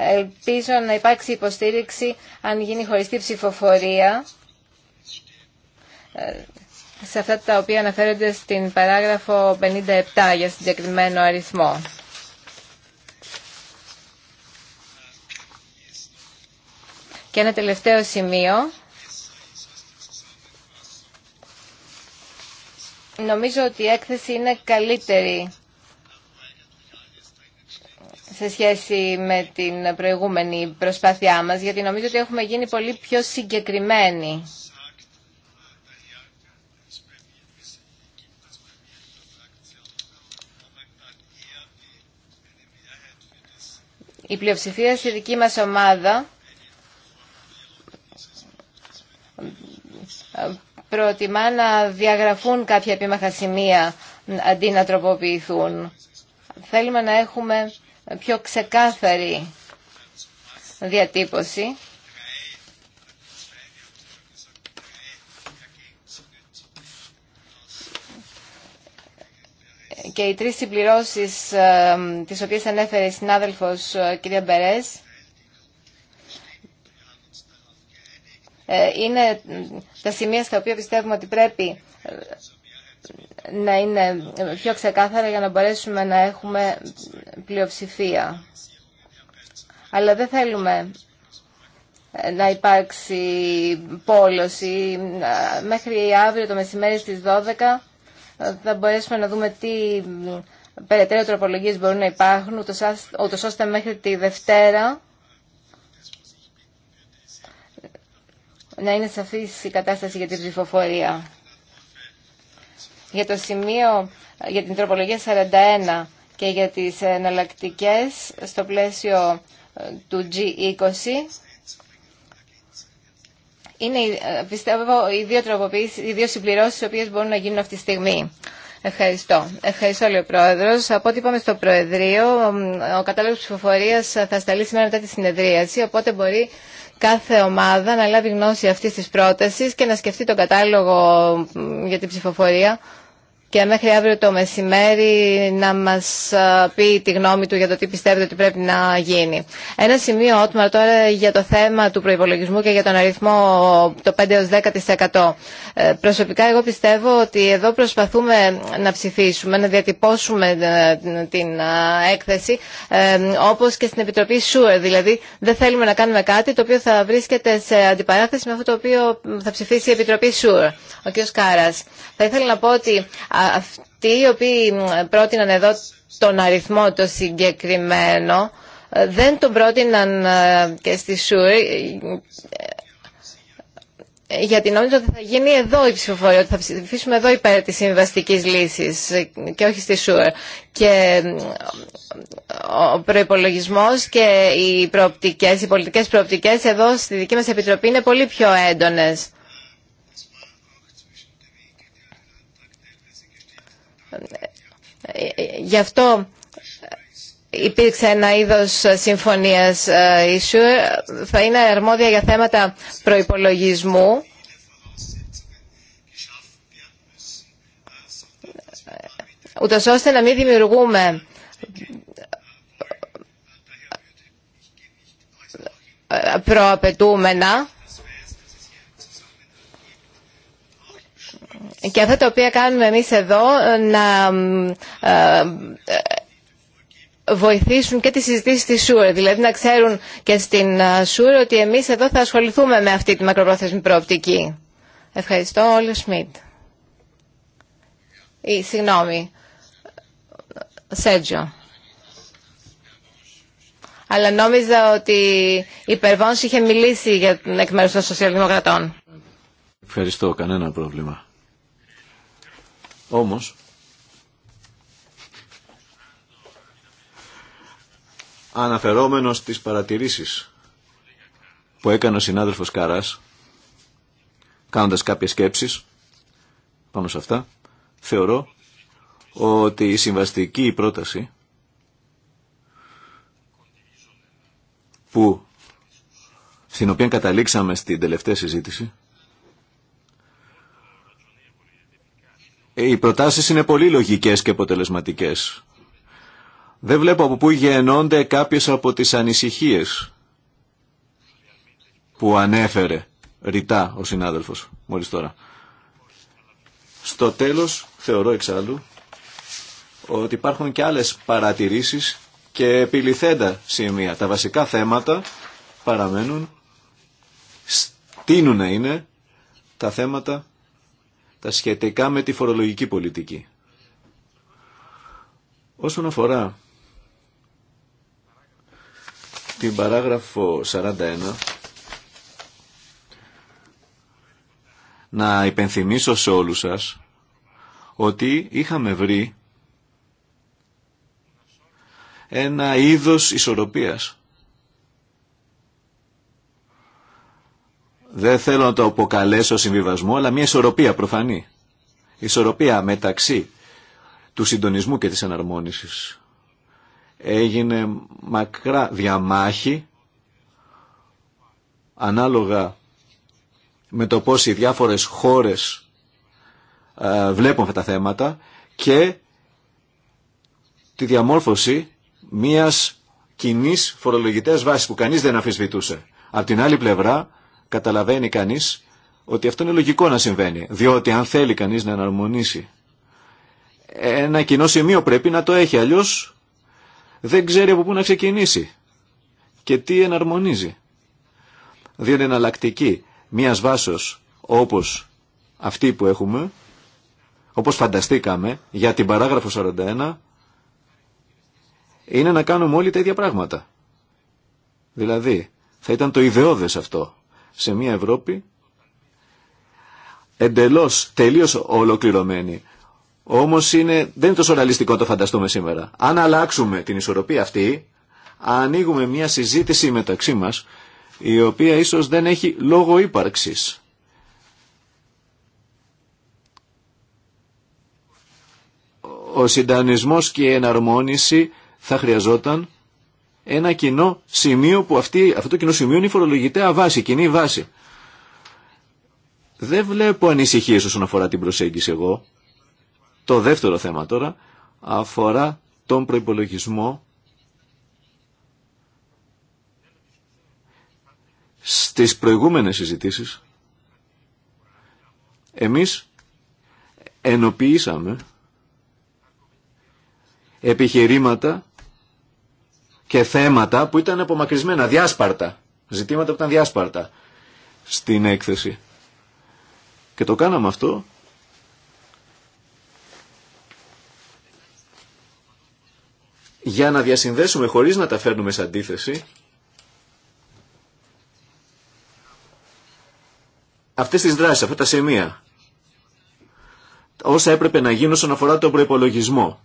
Ελπίζω να υπάρξει υποστήριξη αν γίνει χωριστή ψηφοφορία ε, σε αυτά τα οποία αναφέρονται στην παράγραφο 57 για συγκεκριμένο αριθμό. Και ένα τελευταίο σημείο. Νομίζω ότι η έκθεση είναι καλύτερη σε σχέση με την προηγούμενη προσπάθειά μας, γιατί νομίζω ότι έχουμε γίνει πολύ πιο συγκεκριμένοι. Η πλειοψηφία στη δική μας ομάδα προτιμά να διαγραφούν κάποια επίμαχα σημεία αντί να τροποποιηθούν. Θέλουμε να έχουμε πιο ξεκάθαρη διατύπωση και οι τρεις συμπληρώσεις ε, τις οποίες ανέφερε η συνάδελφος ε, κυρία Μπερές ε, είναι τα σημεία στα οποία πιστεύουμε ότι πρέπει να είναι πιο ξεκάθαρα για να μπορέσουμε να έχουμε πλειοψηφία. Αλλά δεν θέλουμε ε, να υπάρξει πόλωση. Ε, μέχρι αύριο το μεσημέρι στις 12 ε, θα μπορέσουμε να δούμε τι περαιτέρω τροπολογίες μπορούν να υπάρχουν, ούτω ώστε μέχρι τη Δευτέρα να είναι σαφής η κατάσταση για την ψηφοφορία. Για το σημείο, για την τροπολογία 41 και για τις εναλλακτικέ στο πλαίσιο ε, του G20, είναι, ε, πιστεύω, οι δύο, τροποποιήσεις, οι δύο συμπληρώσεις οι οποίες μπορούν να γίνουν αυτή τη στιγμή. Ευχαριστώ. Ευχαριστώ, λέει ο Πρόεδρο. Από ό,τι είπαμε στο Προεδρείο, ο κατάλογο ψηφοφορία θα σταλεί σήμερα μετά τη συνεδρίαση, οπότε μπορεί κάθε ομάδα να λάβει γνώση αυτή τη πρόταση και να σκεφτεί τον κατάλογο για την ψηφοφορία και μέχρι αύριο το μεσημέρι να μας ε, πει τη γνώμη του για το τι πιστεύετε ότι πρέπει να γίνει. Ένα σημείο, Ότμαρ, τώρα για το θέμα του προϋπολογισμού και για τον αριθμό το 5-10%. Ε, προσωπικά εγώ πιστεύω ότι εδώ προσπαθούμε να ψηφίσουμε, να διατυπώσουμε ε, την έκθεση όπως και στην Επιτροπή ΣΥΟΡ. Δηλαδή δεν θέλουμε να κάνουμε κάτι το οποίο θα βρίσκεται σε αντιπαράθεση με αυτό το οποίο θα ψηφίσει η Επιτροπή ΣΥΟΡ. Ο κ. Κάρας. Θα ήθελα να πω ότι αυτοί οι οποίοι πρότειναν εδώ τον αριθμό το συγκεκριμένο ε, δεν τον πρότειναν ε, και στη ΣΟΥΡ ε, γιατί νόμιζα ότι θα γίνει εδώ η ψηφοφορία, ότι θα ψηφίσουμε εδώ υπέρ της συμβαστική λύσης και όχι στη ΣΟΥΡ. Και ο προϋπολογισμός και οι προοπτικές, οι πολιτικές προοπτικές εδώ στη δική μας επιτροπή είναι πολύ πιο έντονες. Γι' αυτό υπήρξε ένα είδος συμφωνίας Ισου. Ε, Θα είναι αρμόδια για θέματα προϋπολογισμού. ούτως ώστε να μην δημιουργούμε προαπαιτούμενα και αυτά τα οποία κάνουμε εμείς εδώ να ε, ε, βοηθήσουν και τις συζητήσεις στη ΣΟΥΡ. Δηλαδή να ξέρουν και στην ε, ΣΟΥΡ ότι εμείς εδώ θα ασχοληθούμε με αυτή τη μακροπρόθεσμη προοπτική. Ευχαριστώ. Όλο Σμιτ. Ή, συγγνώμη. Σέτζο. Αλλά νόμιζα ότι η Περβόνς είχε Περβόνση ειχε μιλησει για, την μέρους των σοσιαλδημοκρατών. Ευχαριστώ. Κανένα πρόβλημα. Όμως, αναφερόμενος στις παρατηρήσεις που έκανε ο συνάδελφος Καράς, κάνοντας κάποιες σκέψεις πάνω σε αυτά, θεωρώ ότι η συμβαστική πρόταση που, στην οποία καταλήξαμε στην τελευταία συζήτηση, Οι προτάσεις είναι πολύ λογικές και αποτελεσματικές. Δεν βλέπω από πού γεννώνται κάποιες από τις ανησυχίες που ανέφερε ρητά ο συνάδελφος μόλις τώρα. Στο τέλος θεωρώ εξάλλου ότι υπάρχουν και άλλες παρατηρήσεις και επιληθέντα σημεία. Τα βασικά θέματα παραμένουν, στείνουν είναι τα θέματα τα σχετικά με τη φορολογική πολιτική. Όσον αφορά την παράγραφο 41, να υπενθυμίσω σε όλους σας ότι είχαμε βρει ένα είδος ισορροπίας δεν θέλω να το αποκαλέσω συμβιβασμό, αλλά μια ισορροπία προφανή. Ισορροπία μεταξύ του συντονισμού και της εναρμόνισης. Έγινε μακρά διαμάχη ανάλογα με το πώς οι διάφορες χώρες βλέπουν αυτά τα θέματα και τη διαμόρφωση μιας κοινής φορολογητές βάσης που κανείς δεν αφισβητούσε. Απ' την άλλη πλευρά καταλαβαίνει κανείς ότι αυτό είναι λογικό να συμβαίνει, διότι αν θέλει κανείς να εναρμονίσει ένα κοινό σημείο πρέπει να το έχει, αλλιώς δεν ξέρει από πού να ξεκινήσει και τι εναρμονίζει. Διότι εναλλακτική μιας βάσος όπως αυτή που έχουμε, όπως φανταστήκαμε για την παράγραφο 41, είναι να κάνουμε όλοι τα ίδια πράγματα. Δηλαδή, θα ήταν το ιδεώδες αυτό σε μια Ευρώπη εντελώς, τελείως ολοκληρωμένη. Όμως είναι, δεν είναι τόσο ραλιστικό το φανταστούμε σήμερα. Αν αλλάξουμε την ισορροπία αυτή, ανοίγουμε μια συζήτηση μεταξύ μας, η οποία ίσως δεν έχει λόγο ύπαρξης. Ο συντανισμός και η εναρμόνιση θα χρειαζόταν ένα κοινό σημείο που αυτή, αυτό το κοινό σημείο είναι η φορολογητέα βάση, κοινή βάση. Δεν βλέπω ανησυχίες όσον αφορά την προσέγγιση εγώ. Το δεύτερο θέμα τώρα αφορά τον προϋπολογισμό στις προηγούμενες συζητήσεις. Εμείς ενοποιήσαμε επιχειρήματα και θέματα που ήταν απομακρυσμένα, διάσπαρτα, ζητήματα που ήταν διάσπαρτα στην έκθεση. Και το κάναμε αυτό για να διασυνδέσουμε χωρίς να τα φέρνουμε σε αντίθεση αυτές τις δράσεις, αυτά τα σημεία όσα έπρεπε να γίνουν όσον αφορά τον προϋπολογισμό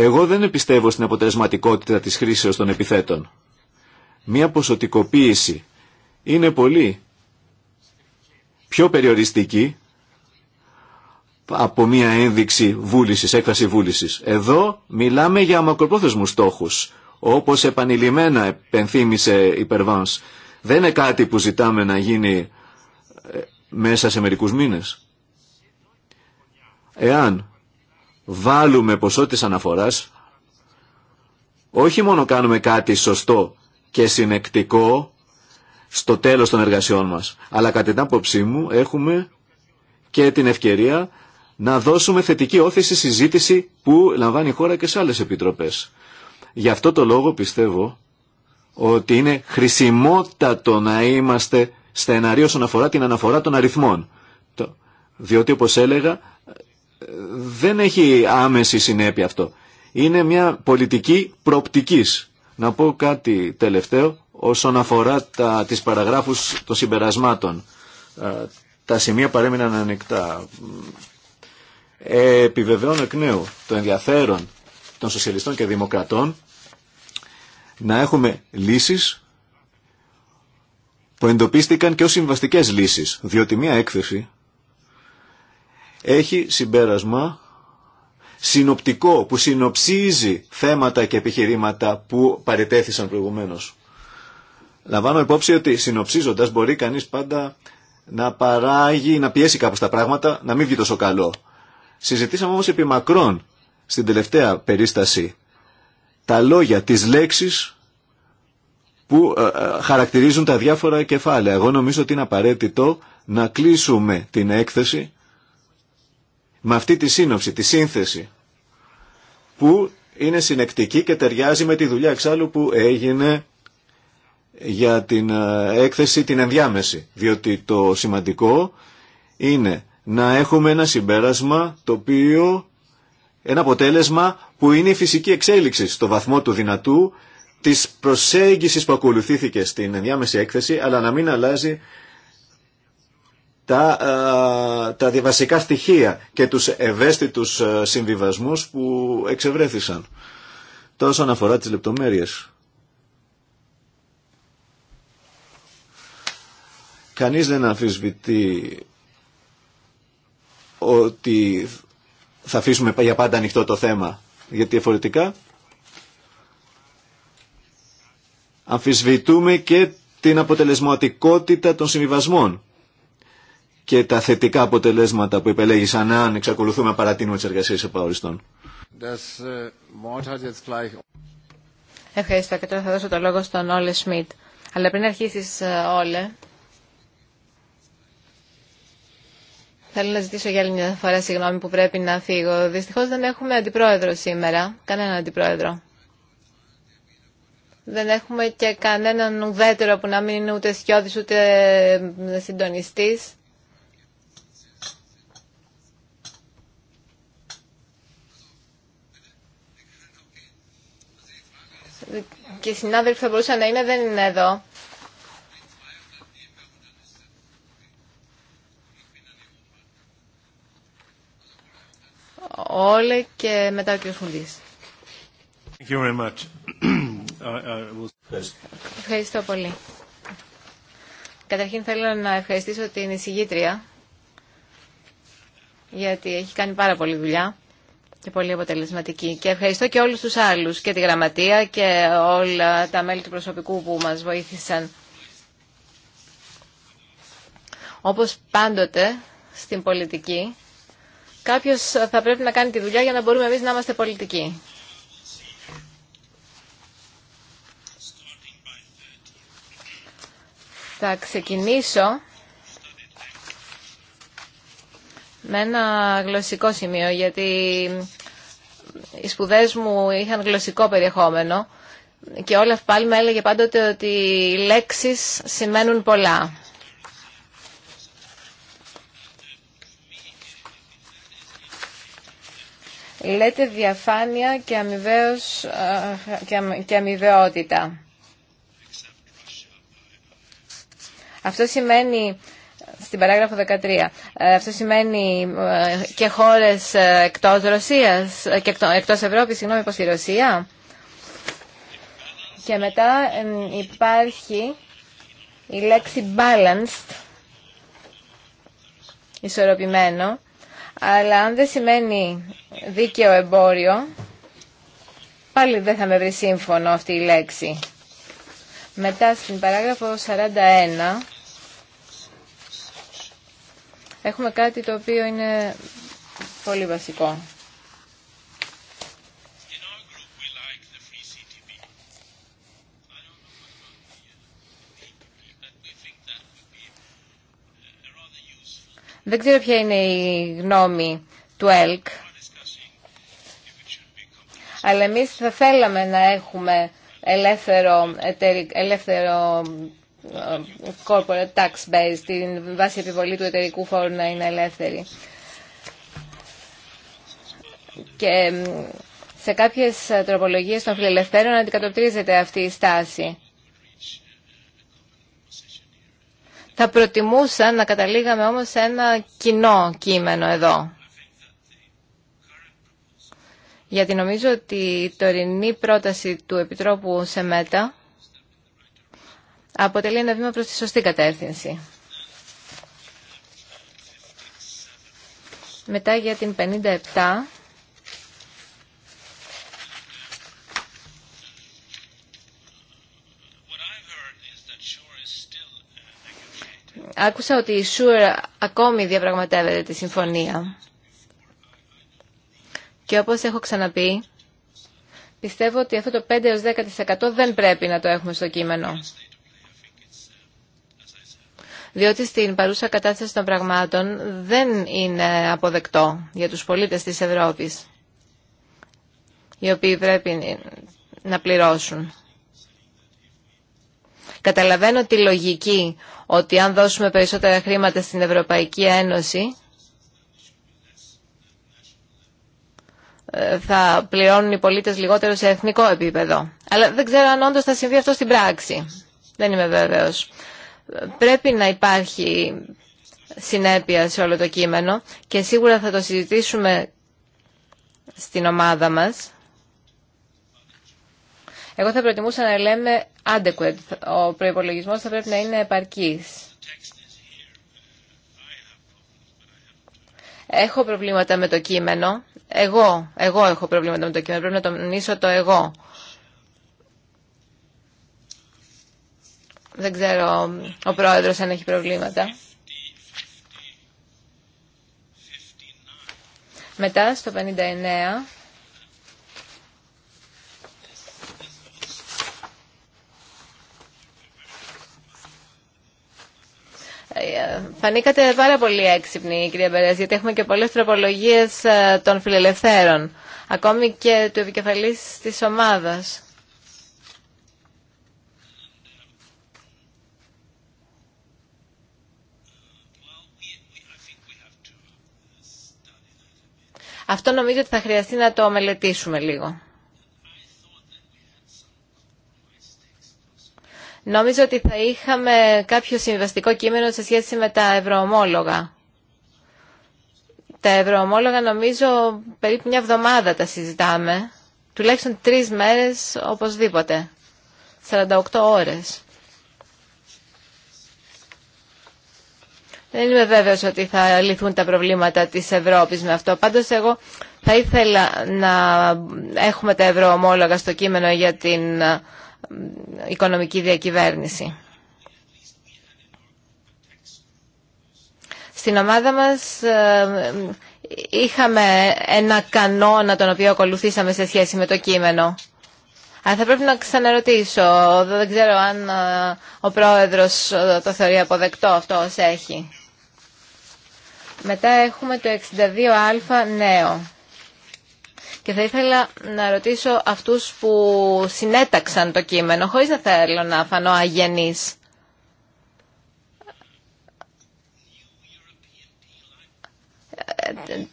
εγώ δεν πιστεύω στην αποτελεσματικότητα της χρήσεως των επιθέτων. Μία ποσοτικοποίηση είναι πολύ πιο περιοριστική από μία ένδειξη βούλησης, έκφραση βούλησης. Εδώ μιλάμε για μακροπρόθεσμους στόχους, όπως επανειλημμένα επενθύμησε η Περβάνς. Δεν είναι κάτι που ζητάμε να γίνει ε, μέσα σε μερικούς μήνες. Εάν βάλουμε της αναφοράς, όχι μόνο κάνουμε κάτι σωστό και συνεκτικό στο τέλος των εργασιών μας, αλλά κατά την άποψή μου έχουμε και την ευκαιρία να δώσουμε θετική όθηση συζήτηση που λαμβάνει η χώρα και σε άλλες επιτροπές. Γι' αυτό το λόγο πιστεύω ότι είναι χρησιμότατο να είμαστε στεναροί όσον αφορά την αναφορά των αριθμών. Διότι όπως έλεγα δεν έχει άμεση συνέπεια αυτό. Είναι μια πολιτική προπτικής. Να πω κάτι τελευταίο όσον αφορά τα, τις παραγράφους των συμπερασμάτων. Ε, τα σημεία παρέμειναν ανοιχτά. Ε, επιβεβαιώνω εκ νέου το ενδιαφέρον των σοσιαλιστών και δημοκρατών να έχουμε λύσεις που εντοπίστηκαν και ως συμβαστικές λύσεις, διότι μία έκθεση έχει συμπέρασμα συνοπτικό που συνοψίζει θέματα και επιχειρήματα που παρετέθησαν προηγουμένως. Λαμβάνω υπόψη ότι συνοψίζοντας μπορεί κανείς πάντα να παράγει, να πιέσει κάπως τα πράγματα, να μην βγει τόσο καλό. Συζητήσαμε όμως επί μακρόν στην τελευταία περίσταση τα λόγια, τις λέξεις που ε, ε, χαρακτηρίζουν τα διάφορα κεφάλαια. Εγώ νομίζω ότι είναι απαραίτητο να κλείσουμε την έκθεση με αυτή τη σύνοψη, τη σύνθεση που είναι συνεκτική και ταιριάζει με τη δουλειά εξάλλου που έγινε για την ε, έκθεση την ενδιάμεση. Διότι το σημαντικό είναι να έχουμε ένα συμπέρασμα το οποίο, ένα αποτέλεσμα που είναι η φυσική εξέλιξη στο βαθμό του δυνατού της προσέγγισης που ακολουθήθηκε στην ενδιάμεση έκθεση αλλά να μην αλλάζει τα, ε, τα διαβασικά στοιχεία και τους ευαίσθητους ε, συμβιβασμούς που εξευρέθησαν. Τόσο αναφορά αφορά τις λεπτομέρειες. Κανείς δεν αμφισβητεί ότι θα αφήσουμε για πάντα ανοιχτό το θέμα, γιατί διαφορετικά αμφισβητούμε και την αποτελεσματικότητα των συμβιβασμών και τα θετικά αποτελέσματα που υπελέγησαν αν εξακολουθούμε να παρατείνουμε τις εργασίες επαοριστών. Ε, Ευχαριστώ και τώρα θα δώσω το λόγο στον Όλε Σμιτ. Αλλά πριν αρχίσεις ε, Όλε, θέλω να ζητήσω για άλλη μια φορά συγγνώμη που πρέπει να φύγω. Δυστυχώς δεν έχουμε αντιπρόεδρο σήμερα, κανένα αντιπρόεδρο. Δεν έχουμε και κανέναν ουδέτερο που να μην είναι ούτε σκιώδης ούτε ε, συντονιστής. και οι συνάδελφοι θα μπορούσαν να είναι, δεν είναι εδώ. Όλε και μετά ο κ. Χουντής. Ευχαριστώ πολύ. Καταρχήν θέλω να ευχαριστήσω την εισηγήτρια γιατί έχει κάνει πάρα πολύ δουλειά και πολύ αποτελεσματική. Και ευχαριστώ και όλους τους άλλους και τη γραμματεία και όλα τα μέλη του προσωπικού που μας βοήθησαν. Όπως πάντοτε στην πολιτική, κάποιος θα πρέπει να κάνει τη δουλειά για να μπορούμε εμείς να είμαστε πολιτικοί. Θα ξεκινήσω με ένα γλωσσικό σημείο, γιατί οι σπουδέ μου είχαν γλωσσικό περιεχόμενο και όλα πάλι με έλεγε πάντοτε ότι οι λέξεις σημαίνουν πολλά. Λέτε διαφάνεια και, αμοιβαίως, ε, και αμοιβαιότητα. Αυτό σημαίνει στην παράγραφο 13. Ε, αυτό σημαίνει ε, και χώρες ε, εκτό Ρωσίας και εκτός Ευρώπης, συγγνώμη, όπω η Ρωσία. Και μετά υπάρχει η λέξη balanced, ισορροπημένο, αλλά αν δεν σημαίνει δίκαιο εμπόριο, πάλι δεν θα με βρει σύμφωνο αυτή η λέξη. Μετά στην παράγραφο 41, έχουμε κάτι το οποίο είναι πολύ βασικό. Δεν ξέρω ποια είναι η γνώμη του ΕΛΚ, αλλά εμείς θα θέλαμε να έχουμε ελεύθερο, ελεύθερο corporate tax base, την βάση επιβολή του εταιρικού φόρου να είναι ελεύθερη. Και σε κάποιες τροπολογίες των φιλελευθέρων αντικατοπτρίζεται αυτή η στάση. Θα προτιμούσα να καταλήγαμε όμως σε ένα κοινό κείμενο εδώ. Γιατί νομίζω ότι η τωρινή πρόταση του Επιτρόπου Σεμέτα αποτελεί ένα βήμα προς τη σωστή κατεύθυνση. Μετά για την 57... Άκουσα ότι η Σουέρ ακόμη διαπραγματεύεται τη συμφωνία. Και όπως έχω ξαναπεί, πιστεύω ότι αυτό το 5-10% δεν πρέπει να το έχουμε στο κείμενο διότι στην παρούσα κατάσταση των πραγμάτων δεν είναι αποδεκτό για τους πολίτες της Ευρώπης, οι οποίοι πρέπει να πληρώσουν. Καταλαβαίνω τη λογική ότι αν δώσουμε περισσότερα χρήματα στην Ευρωπαϊκή Ένωση ε, θα πληρώνουν οι πολίτες λιγότερο σε εθνικό επίπεδο. Αλλά δεν ξέρω αν όντως θα συμβεί αυτό στην πράξη. Δεν είμαι βέβαιος. Πρέπει να υπάρχει συνέπεια σε όλο το κείμενο και σίγουρα θα το συζητήσουμε στην ομάδα μας. Εγώ θα προτιμούσα να λέμε adequate. Ο προϋπολογισμός θα πρέπει να είναι επαρκής. Έχω προβλήματα με το κείμενο. Εγώ, εγώ έχω προβλήματα με το κείμενο. Πρέπει να τονίσω το εγώ. Δεν ξέρω ο πρόεδρος αν έχει προβλήματα. Μετά στο 59... Φανήκατε πάρα πολύ έξυπνοι, κυρία Μπερές, γιατί έχουμε και πολλές τροπολογίες ε, των φιλελευθέρων, ακόμη και του επικεφαλής της ομάδας. Αυτό νομίζω ότι θα χρειαστεί να το μελετήσουμε λίγο. Νομίζω ότι θα είχαμε κάποιο συμβαστικό κείμενο σε σχέση με τα ευρωομόλογα. Τα ευρωομόλογα νομίζω περίπου μια εβδομάδα τα συζητάμε. Τουλάχιστον τρεις μέρες οπωσδήποτε. 48 ώρες. Δεν είμαι βέβαιος ότι θα λυθούν τα προβλήματα της Ευρώπης με αυτό. Πάντως εγώ θα ήθελα να έχουμε τα ευρωομόλογα στο κείμενο για την ε, οικονομική διακυβέρνηση. Στην ομάδα μας ε, είχαμε ένα κανόνα τον οποίο ακολουθήσαμε σε σχέση με το κείμενο. Αλλά θα πρέπει να ξαναρωτήσω. Δεν ξέρω αν ε, ο πρόεδρος ε, το θεωρεί αποδεκτό αυτό ως έχει. Μετά έχουμε το 62α νέο. Και θα ήθελα να ρωτήσω αυτούς που συνέταξαν το κείμενο, χωρίς να θέλω να φανώ αγενής.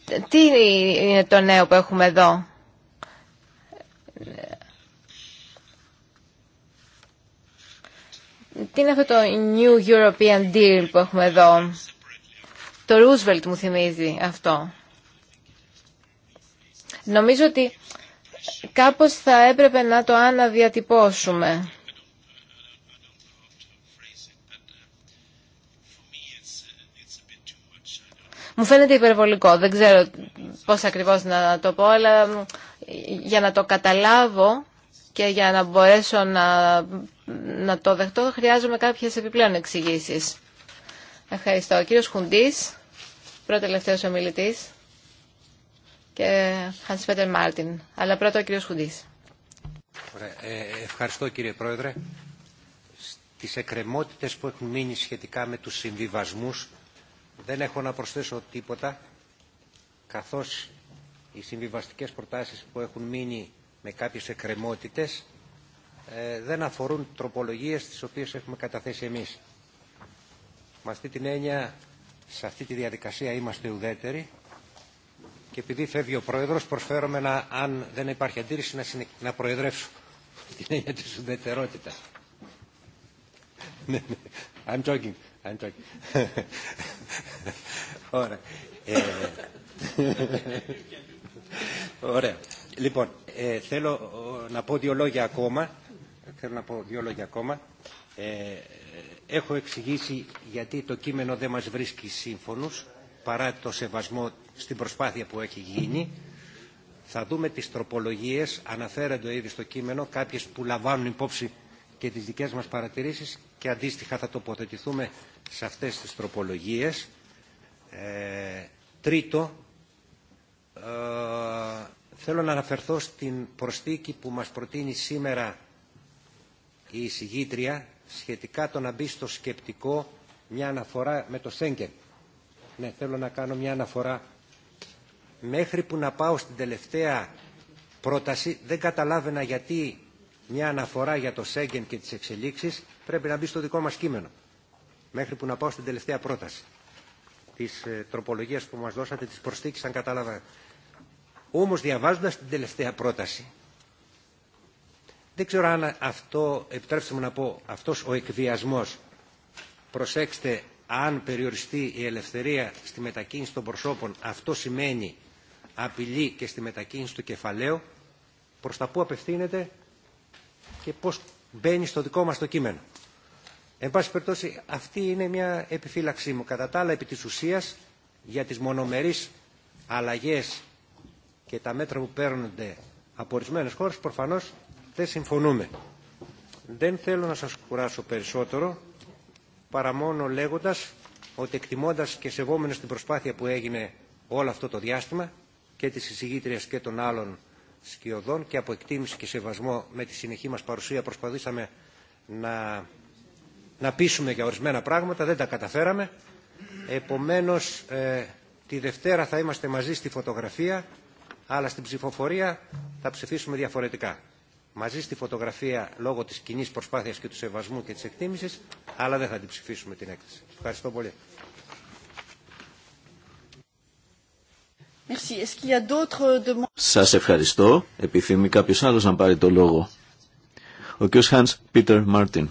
Ε, τι είναι το νέο που έχουμε εδώ. Τι είναι αυτό το New European Deal που έχουμε εδώ. Το Ρούσβελτ μου θυμίζει αυτό. Νομίζω ότι κάπως θα έπρεπε να το αναδιατυπώσουμε. Μου φαίνεται υπερβολικό. Δεν ξέρω πώς ακριβώς να το πω, αλλά για να το καταλάβω και για να μπορέσω να, να το δεχτώ χρειάζομαι κάποιες επιπλέον εξηγήσει. Ευχαριστώ. Ο κύριος Χουντής, πρώτο ο ομιλητής και Χανσπέτερ Peter Μάρτιν, αλλά πρώτο ο κύριος Χουντής. Ε, ευχαριστώ κύριε Πρόεδρε. Στις εκκρεμότητες που έχουν μείνει σχετικά με τους συμβιβασμούς δεν έχω να προσθέσω τίποτα καθώς οι συμβιβαστικές προτάσεις που έχουν μείνει με κάποιες εκκρεμότητες ε, δεν αφορούν τροπολογίες τις οποίες έχουμε καταθέσει εμείς. Με αυτή την έννοια, σε αυτή τη διαδικασία είμαστε ουδέτεροι και επειδή φεύγει ο Πρόεδρος προσφέρομαι να, αν δεν υπάρχει αντίρρηση να, συνε... να προεδρεύσω την έννοια της ουδετερότητας. Ναι, ναι. I'm joking. I'm joking. Ωραία. Ε, ωραία. Λοιπόν, ε, θέλω ε, να πω δύο λόγια ακόμα. Θέλω να πω δύο λόγια ακόμα. Ε, έχω εξηγήσει γιατί το κείμενο δεν μας βρίσκει σύμφωνους, παρά το σεβασμό στην προσπάθεια που έχει γίνει. Θα δούμε τις τροπολογίες, αναφέρονται ήδη στο κείμενο, κάποιες που λαμβάνουν υπόψη και τις δικές μας παρατηρήσεις και αντίστοιχα θα τοποθετηθούμε σε αυτές τις τροπολογίες. Ε, τρίτο, Θέλω να αναφερθώ στην προσθήκη που μας προτείνει σήμερα η εισηγήτρια σχετικά το να μπει στο σκεπτικό μια αναφορά με το Σέγγεν. Ναι, θέλω να κάνω μια αναφορά. Μέχρι που να πάω στην τελευταία πρόταση δεν καταλάβαινα γιατί μια αναφορά για το Σέγγεν και τις εξελίξεις πρέπει να μπει στο δικό μας κείμενο. Μέχρι που να πάω στην τελευταία πρόταση της ε, τροπολογίας που μας δώσατε, της προσθήκης αν κατάλαβα όμως διαβάζοντας την τελευταία πρόταση, δεν ξέρω αν αυτό, επιτρέψτε μου να πω, αυτός ο εκβιασμός, προσέξτε, αν περιοριστεί η ελευθερία στη μετακίνηση των προσώπων, αυτό σημαίνει απειλή και στη μετακίνηση του κεφαλαίου, προς τα πού απευθύνεται και πώς μπαίνει στο δικό μας το κείμενο. Εν πάση περιπτώσει, αυτή είναι μια επιφύλαξή μου. Κατά τα άλλα, επί της ουσίας, για τις μονομερείς αλλαγές και τα μέτρα που παίρνονται από ορισμένε χώρε προφανώ δεν συμφωνούμε. Δεν θέλω να σα κουράσω περισσότερο παρά μόνο λέγοντα ότι εκτιμώντα και σεβόμενο την προσπάθεια που έγινε όλο αυτό το διάστημα και τη συζητήτρια και των άλλων σκιωδών και από εκτίμηση και σεβασμό με τη συνεχή μα παρουσία προσπαθήσαμε να, να πείσουμε για ορισμένα πράγματα, δεν τα καταφέραμε. Επομένω ε, τη Δευτέρα θα είμαστε μαζί στη φωτογραφία αλλά στην ψηφοφορία θα ψηφίσουμε διαφορετικά. Μαζί στη φωτογραφία λόγω της κοινή προσπάθειας και του σεβασμού και της εκτίμησης, αλλά δεν θα την ψηφίσουμε την έκθεση. Ευχαριστώ πολύ. Σας ευχαριστώ. Επιθυμεί κάποιος άλλος να πάρει το λόγο. Ο κ. Hans Peter Martin.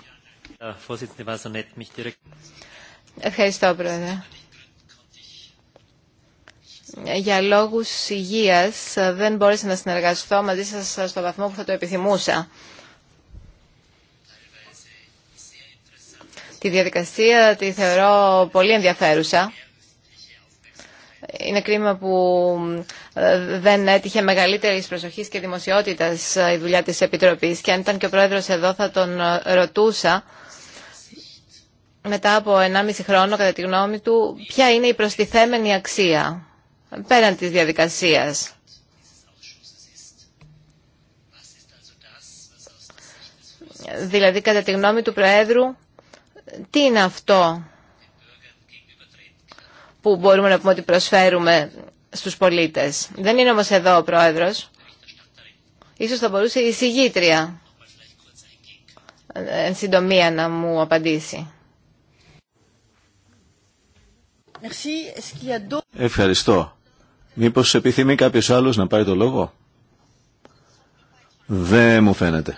Äh, ευχαριστώ, Πρόεδρε για λόγους υγείας ε, δεν μπόρεσα να συνεργαστώ μαζί σας στο βαθμό που θα το επιθυμούσα. Τη διαδικασία τη θεωρώ πολύ ενδιαφέρουσα. Είναι κρίμα που ε, δεν έτυχε μεγαλύτερη προσοχή και δημοσιότητα ε, η δουλειά τη Επιτροπή. Και αν ήταν και ο Πρόεδρο εδώ, θα τον ρωτούσα μετά από 1,5 χρόνο, κατά τη γνώμη του, ποια είναι η προστιθέμενη αξία πέραν της διαδικασίας. Δηλαδή, κατά τη γνώμη του Προέδρου, τι είναι αυτό που μπορούμε να πούμε ότι προσφέρουμε στους πολίτες. Δεν είναι όμως εδώ ο Πρόεδρος. Ίσως θα μπορούσε η συγγήτρια ε, εν συντομία να μου απαντήσει. Ευχαριστώ. Μήπως επιθυμεί κάποιος άλλος να πάρει το λόγο. Δεν μου φαίνεται.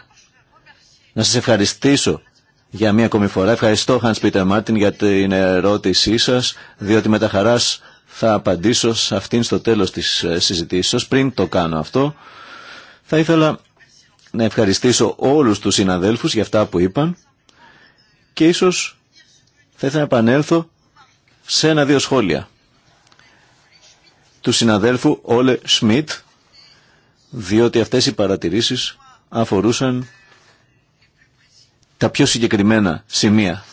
Να σας ευχαριστήσω για μία ακόμη φορά. Ευχαριστώ, Hans Peter Martin, για την ερώτησή σας, διότι με τα χαράς θα απαντήσω σε αυτήν στο τέλος της ε, συζητήσεως. Πριν το κάνω αυτό, θα ήθελα να ευχαριστήσω όλους τους συναδέλφους για αυτά που είπαν και ίσως θα ήθελα να επανέλθω σε ένα-δύο σχόλια του συναδέλφου Όλε Σμιτ, διότι αυτές οι παρατηρήσεις αφορούσαν τα πιο συγκεκριμένα σημεία.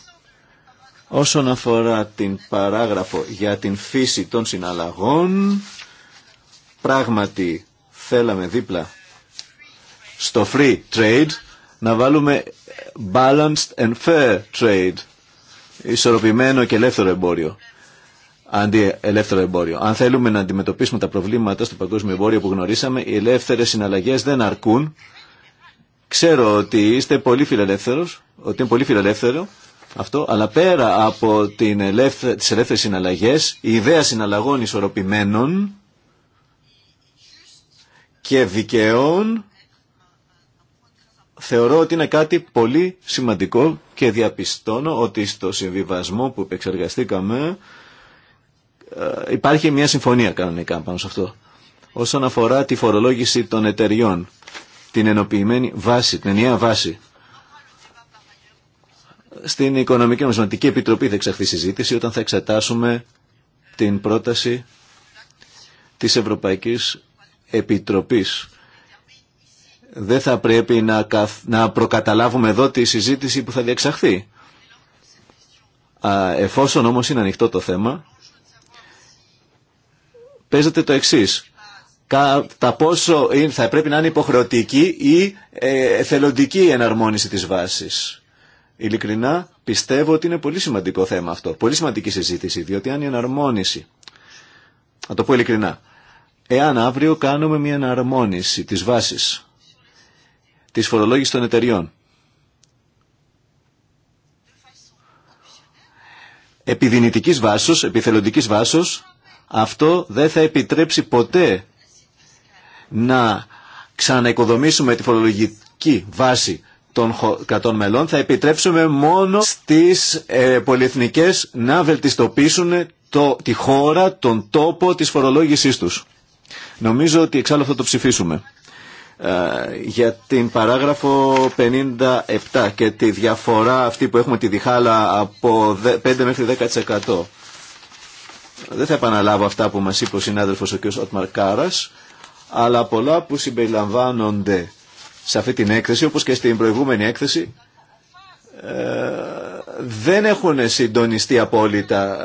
Όσον αφορά την παράγραφο για την φύση των συναλλαγών, πράγματι θέλαμε δίπλα στο free trade να βάλουμε balanced and fair trade, ισορροπημένο και ελεύθερο εμπόριο αντί ελεύθερο εμπόριο. Αν θέλουμε να αντιμετωπίσουμε τα προβλήματα στο παγκόσμιο εμπόριο που γνωρίσαμε, οι ελεύθερες συναλλαγέ δεν αρκούν. Ξέρω ότι είστε πολύ φιλελεύθερος, ότι είναι πολύ φιλελεύθερο αυτό, αλλά πέρα από την ελεύθε, τις ελεύθερες συναλλαγές, η ιδέα συναλλαγών ισορροπημένων και δικαίων θεωρώ ότι είναι κάτι πολύ σημαντικό και διαπιστώνω ότι στο συμβιβασμό που επεξεργαστήκαμε ε, υπάρχει μια συμφωνία κανονικά πάνω σε αυτό. Όσον αφορά τη φορολόγηση των εταιριών, την ενοποιημένη βάση, την ενιαία βάση. Στην Οικονομική Νομισματική Επιτροπή θα εξαχθεί συζήτηση όταν θα εξετάσουμε την πρόταση της Ευρωπαϊκής Επιτροπής. Δεν θα πρέπει να, να προκαταλάβουμε εδώ τη συζήτηση που θα διεξαχθεί. εφόσον όμως είναι ανοιχτό το θέμα, παίζεται το εξή. Κατά πόσο θα πρέπει να είναι υποχρεωτική ή ε, εθελοντική η θελοντικη η εναρμονιση της βάσης. Ειλικρινά πιστεύω ότι είναι πολύ σημαντικό θέμα αυτό. Πολύ σημαντική συζήτηση, διότι αν η εναρμόνιση, να το πω ειλικρινά, εάν αύριο κάνουμε μια εναρμόνιση της βάσης της φορολόγησης των εταιριών, επιδυνητικής βάσος, επιθελοντικής βάσος, αυτό δεν θα επιτρέψει ποτέ να ξαναοικοδομήσουμε τη φορολογική βάση των κρατών μελών. Θα επιτρέψουμε μόνο στις ε, πολυεθνικές να βελτιστοποιήσουν το, τη χώρα, τον τόπο της φορολόγησής τους. Νομίζω ότι εξάλλου θα το ψηφίσουμε. Ε, για την παράγραφο 57 και τη διαφορά αυτή που έχουμε τη διχάλα από 5 μέχρι 10%. Δεν θα επαναλάβω αυτά που μας είπε ο συνάδελφος ο κ. Κάρας, αλλά πολλά που συμπεριλαμβάνονται σε αυτή την έκθεση, όπως και στην προηγούμενη έκθεση, ε, δεν έχουν συντονιστεί απόλυτα.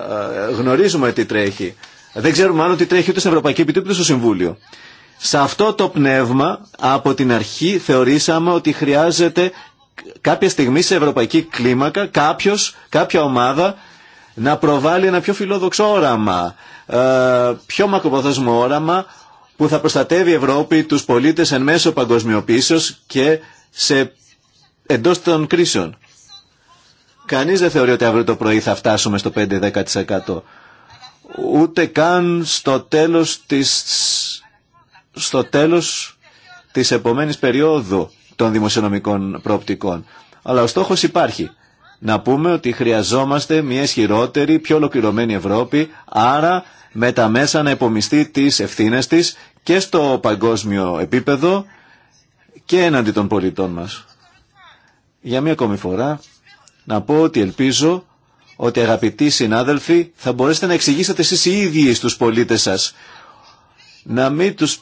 Ε, γνωρίζουμε τι τρέχει. Δεν ξέρουμε μάλλον τι τρέχει ούτε στην Ευρωπαϊκή Επιτροπή ούτε στο Συμβούλιο. Σε αυτό το πνεύμα από την αρχή θεωρήσαμε ότι χρειάζεται κάποια στιγμή σε ευρωπαϊκή κλίμακα κάποιος, κάποια ομάδα να προβάλλει ένα πιο φιλόδοξο όραμα, ε, πιο μακροπροθέσμο όραμα που θα προστατεύει η Ευρώπη τους πολίτες εν μέσω παγκοσμιοποίησεως και σε, εντός των κρίσεων. Κανείς δεν θεωρεί ότι αύριο το πρωί θα φτάσουμε στο 5-10%. Ούτε καν στο τέλος της, στο τέλος της επομένης περίοδου των δημοσιονομικών προοπτικών. Αλλά ο στόχος υπάρχει να πούμε ότι χρειαζόμαστε μια ισχυρότερη, πιο ολοκληρωμένη Ευρώπη, άρα με τα μέσα να υπομειστεί τις ευθύνες της και στο παγκόσμιο επίπεδο και έναντι των πολιτών μας. Για μια ακόμη φορά να πω ότι ελπίζω ότι αγαπητοί συνάδελφοι θα μπορέσετε να εξηγήσετε εσείς οι ίδιοι στους πολίτες σας. Να μην τους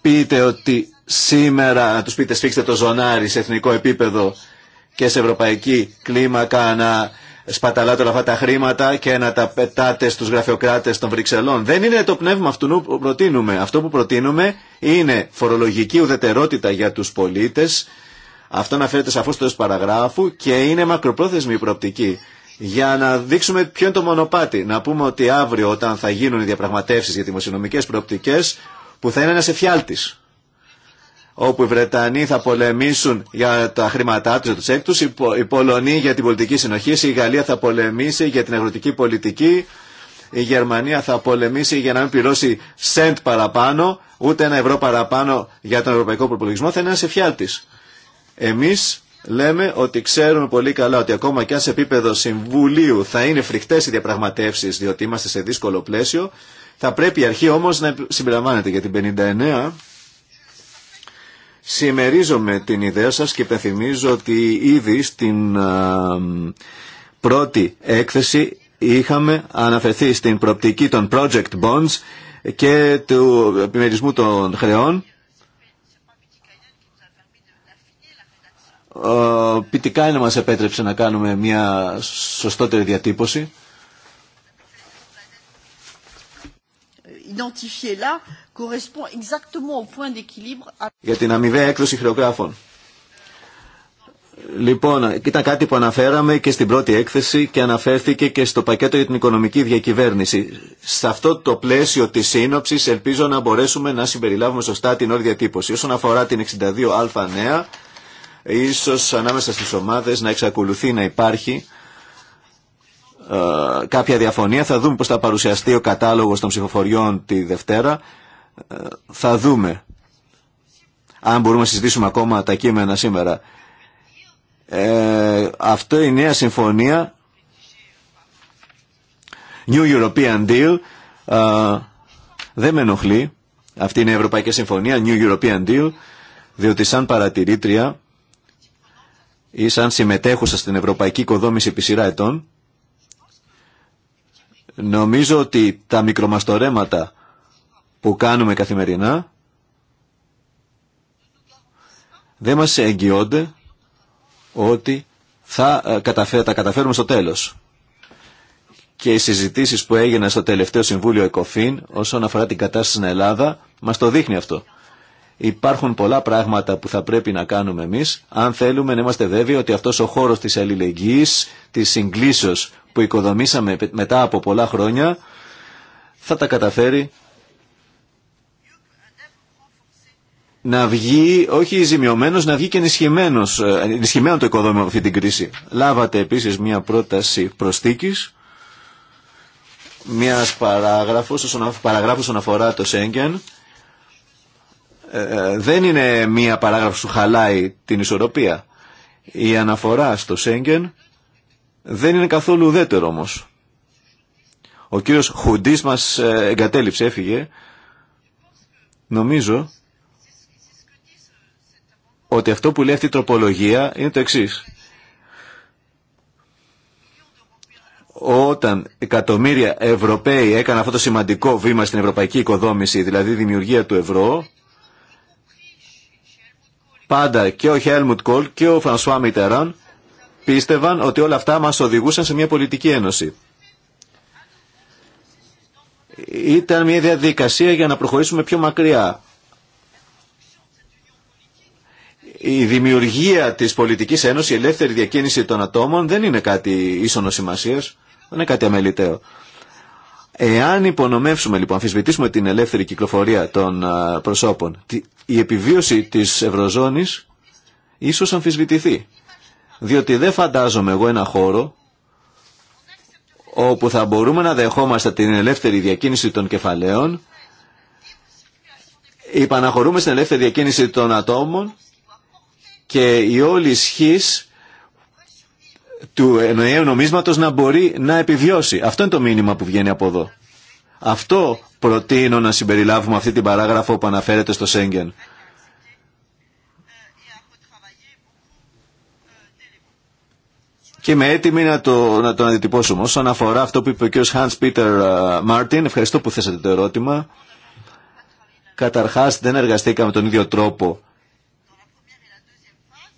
πείτε ότι σήμερα, να τους πείτε σφίξτε το ζωνάρι σε εθνικό επίπεδο και σε ευρωπαϊκή κλίμακα να σπαταλάτε όλα αυτά τα χρήματα και να τα πετάτε στους γραφειοκράτες των Βρυξελών. Δεν είναι το πνεύμα αυτού που προτείνουμε. Αυτό που προτείνουμε είναι φορολογική ουδετερότητα για τους πολίτες. Αυτό αναφέρεται σαφώς στο παραγράφου και είναι μακροπρόθεσμη η προοπτική. Για να δείξουμε ποιο είναι το μονοπάτι. Να πούμε ότι αύριο όταν θα γίνουν οι διαπραγματεύσεις για δημοσιονομικές προοπτικές που θα είναι ένας εφιάλτης όπου οι Βρετανοί θα πολεμήσουν για τα χρήματά τους, για τους έκτους, οι Πολωνοί για την πολιτική συνοχή, η Γαλλία θα πολεμήσει για την αγροτική πολιτική, η Γερμανία θα πολεμήσει για να μην πληρώσει σεντ παραπάνω, ούτε ένα ευρώ παραπάνω για τον ευρωπαϊκό προπολογισμό, θα είναι ένας εφιάλτης. Εμείς λέμε ότι ξέρουμε πολύ καλά ότι ακόμα και αν σε επίπεδο συμβουλίου θα είναι φρικτές οι διαπραγματεύσεις, διότι είμαστε σε δύσκολο πλαίσιο, θα πρέπει η αρχή όμως να συμπεριλαμβάνεται για την 59 Συμμερίζομαι την ιδέα σας και υπενθυμίζω ότι ήδη στην πρώτη έκθεση είχαμε αναφερθεί στην προπτική των project bonds και του επιμερισμού των χρεών. Πιτικά είναι μας επέτρεψε να κάνουμε μια σωστότερη διατύπωση για την αμοιβαία έκδοση χρεογράφων. Λοιπόν, ήταν κάτι που αναφέραμε και στην πρώτη έκθεση και αναφέρθηκε και στο πακέτο για την οικονομική διακυβέρνηση. Σε αυτό το πλαίσιο της σύνοψης ελπίζω να μπορέσουμε να συμπεριλάβουμε σωστά την όρια διατύπωση. Όσον αφορά την 62α νέα, ίσως ανάμεσα στις ομάδες να εξακολουθεί να υπάρχει ε, κάποια διαφωνία. Θα δούμε πώς θα παρουσιαστεί ο κατάλογος των ψηφοφοριών τη Δευτέρα θα δούμε αν μπορούμε να συζητήσουμε ακόμα τα κείμενα σήμερα. Ε, αυτό η νέα συμφωνία New European Deal ε, δεν με ενοχλεί. Αυτή είναι η Ευρωπαϊκή Συμφωνία New European Deal διότι σαν παρατηρήτρια ή σαν συμμετέχουσα στην Ευρωπαϊκή Οικοδόμηση επί σειρά ετών νομίζω ότι τα μικρομαστορέματα που κάνουμε καθημερινά δεν μας εγγυώνται ότι θα ε, τα καταφέρουμε στο τέλος. Και οι συζητήσεις που έγιναν στο τελευταίο Συμβούλιο ΕΚΟΦΗΝ όσον αφορά την κατάσταση στην Ελλάδα μας το δείχνει αυτό. Υπάρχουν πολλά πράγματα που θα πρέπει να κάνουμε εμείς αν θέλουμε να είμαστε βέβαιοι ότι αυτός ο χώρος της αλληλεγγύης, της συγκλήσεως που οικοδομήσαμε μετά από πολλά χρόνια θα τα καταφέρει να βγει, όχι ζημιωμένο, να βγει και ε, ενισχυμένο, το οικοδόμημα από αυτή την κρίση. Λάβατε επίση μια πρόταση προστίκη, μια παραγράφο όσον αφορά το Σέγγεν. Ε, ε, δεν είναι μια παράγραφος που χαλάει την ισορροπία. Η αναφορά στο Σέγγεν δεν είναι καθόλου ουδέτερο όμω. Ο κύριος Χουντής μας εγκατέλειψε, έφυγε. Νομίζω ότι αυτό που λέει αυτή η τροπολογία είναι το εξή. Όταν εκατομμύρια Ευρωπαίοι έκαναν αυτό το σημαντικό βήμα στην ευρωπαϊκή οικοδόμηση, δηλαδή η δημιουργία του ευρώ, πάντα και ο Χέλμουτ Κόλ και ο Φρανσουά Μιτεράν πίστευαν ότι όλα αυτά μας οδηγούσαν σε μια πολιτική ένωση. Ήταν μια διαδικασία για να προχωρήσουμε πιο μακριά η δημιουργία της πολιτικής ένωσης, η ελεύθερη διακίνηση των ατόμων δεν είναι κάτι ίσονο σημασία, δεν είναι κάτι αμεληταίο. Εάν υπονομεύσουμε, λοιπόν, αμφισβητήσουμε την ελεύθερη κυκλοφορία των προσώπων, η επιβίωση της Ευρωζώνης ίσως αμφισβητηθεί. Διότι δεν φαντάζομαι εγώ ένα χώρο όπου θα μπορούμε να δεχόμαστε την ελεύθερη διακίνηση των κεφαλαίων, υπαναχωρούμε στην ελεύθερη διακίνηση των ατόμων και η όλη ισχύ του εννοιαίου νομίσματος να μπορεί να επιβιώσει. Αυτό είναι το μήνυμα που βγαίνει από εδώ. Αυτό προτείνω να συμπεριλάβουμε αυτή την παράγραφο που αναφέρεται στο Σέγγεν. Και είμαι έτοιμη να το, να το αντιτυπώσουμε. Όσον αφορά αυτό που είπε ο κ. Hans Peter Μάρτιν, ευχαριστώ που θέσατε το ερώτημα. Καταρχάς δεν εργαστήκαμε τον ίδιο τρόπο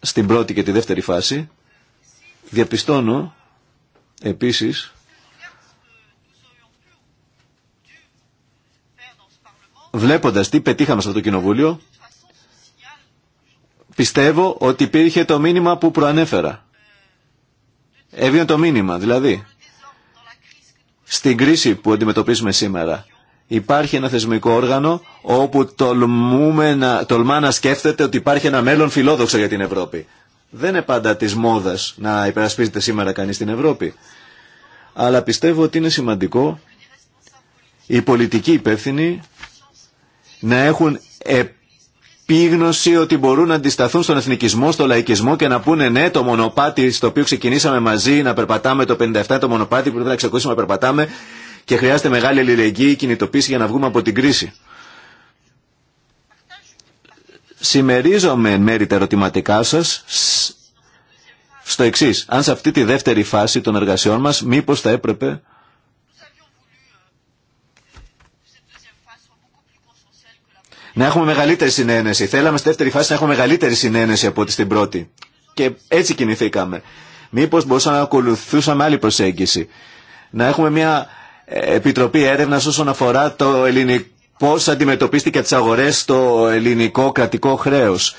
στην πρώτη και τη δεύτερη φάση. Διαπιστώνω επίσης βλέποντας τι πετύχαμε σε αυτό το κοινοβούλιο πιστεύω ότι υπήρχε το μήνυμα που προανέφερα. Έβγαινε το μήνυμα, δηλαδή στην κρίση που αντιμετωπίζουμε σήμερα υπάρχει ένα θεσμικό όργανο όπου τολμούμε να, τολμά να σκέφτεται ότι υπάρχει ένα μέλλον φιλόδοξο για την Ευρώπη. Δεν είναι πάντα της μόδας να υπερασπίζεται σήμερα κανείς την Ευρώπη. Αλλά πιστεύω ότι είναι σημαντικό οι πολιτικοί υπεύθυνοι να έχουν επίγνωση ότι μπορούν να αντισταθούν στον εθνικισμό, στον λαϊκισμό και να πούνε ναι το μονοπάτι στο οποίο ξεκινήσαμε μαζί να περπατάμε το 57 το μονοπάτι που πρέπει να ξεκούσουμε να περπατάμε και χρειάζεται μεγάλη αλληλεγγύη κινητοποίηση για να βγούμε από την κρίση. Σημερίζομαι εν μέρη τα ερωτηματικά σα στο εξή. Αν σε αυτή τη δεύτερη φάση των εργασιών μα, μήπω θα έπρεπε να έχουμε μεγαλύτερη συνένεση. Θέλαμε στη δεύτερη φάση να έχουμε μεγαλύτερη συνένεση από ό,τι στην πρώτη. Και έτσι κινηθήκαμε. Μήπως μπορούσαμε να ακολουθούσαμε άλλη προσέγγιση. Να έχουμε μια Επιτροπή Έρευνας όσον αφορά το ελληνικό, πώς αντιμετωπίστηκε τις αγορές στο ελληνικό κρατικό χρέος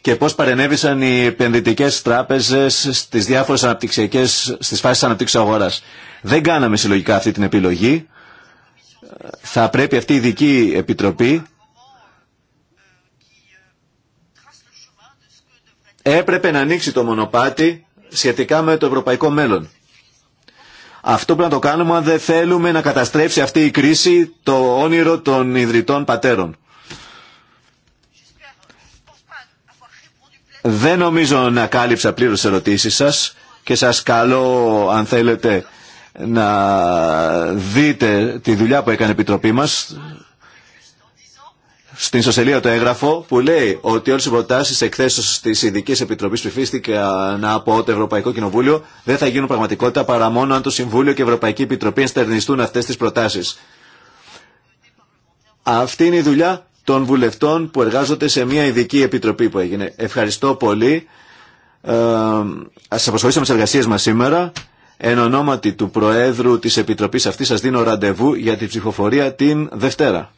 και πώς παρενέβησαν οι επενδυτικές τράπεζες στις διάφορες αναπτυξιακές, στις φάσεις αναπτύξης αγοράς. Δεν κάναμε συλλογικά αυτή την επιλογή. Θα πρέπει αυτή η ειδική επιτροπή έπρεπε να ανοίξει το μονοπάτι σχετικά με το ευρωπαϊκό μέλλον. Αυτό πρέπει να το κάνουμε αν δεν θέλουμε να καταστρέψει αυτή η κρίση το όνειρο των ιδρυτών πατέρων. Δεν νομίζω να κάλυψα πλήρως ερωτήσεις σας και σας καλώ αν θέλετε να δείτε τη δουλειά που έκανε η Επιτροπή μας στην ισοσελίδα το έγγραφο που λέει ότι όλε οι προτάσει εκθέσεω τη Ειδική Επιτροπή που υφίστηκαν από το Ευρωπαϊκό Κοινοβούλιο δεν θα γίνουν πραγματικότητα παρά μόνο αν το Συμβούλιο και η Ευρωπαϊκή Επιτροπή ενστερνιστούν αυτέ τι προτάσει. Αυτή είναι η δουλειά των βουλευτών που εργάζονται σε μια ειδική επιτροπή που έγινε. Ευχαριστώ πολύ. Ε, σας απασχολήσαμε τις εργασίες μας σήμερα. Εν ονόματι του Προέδρου της Επιτροπής αυτής σας δίνω ραντεβού για την ψηφοφορία την Δευτέρα.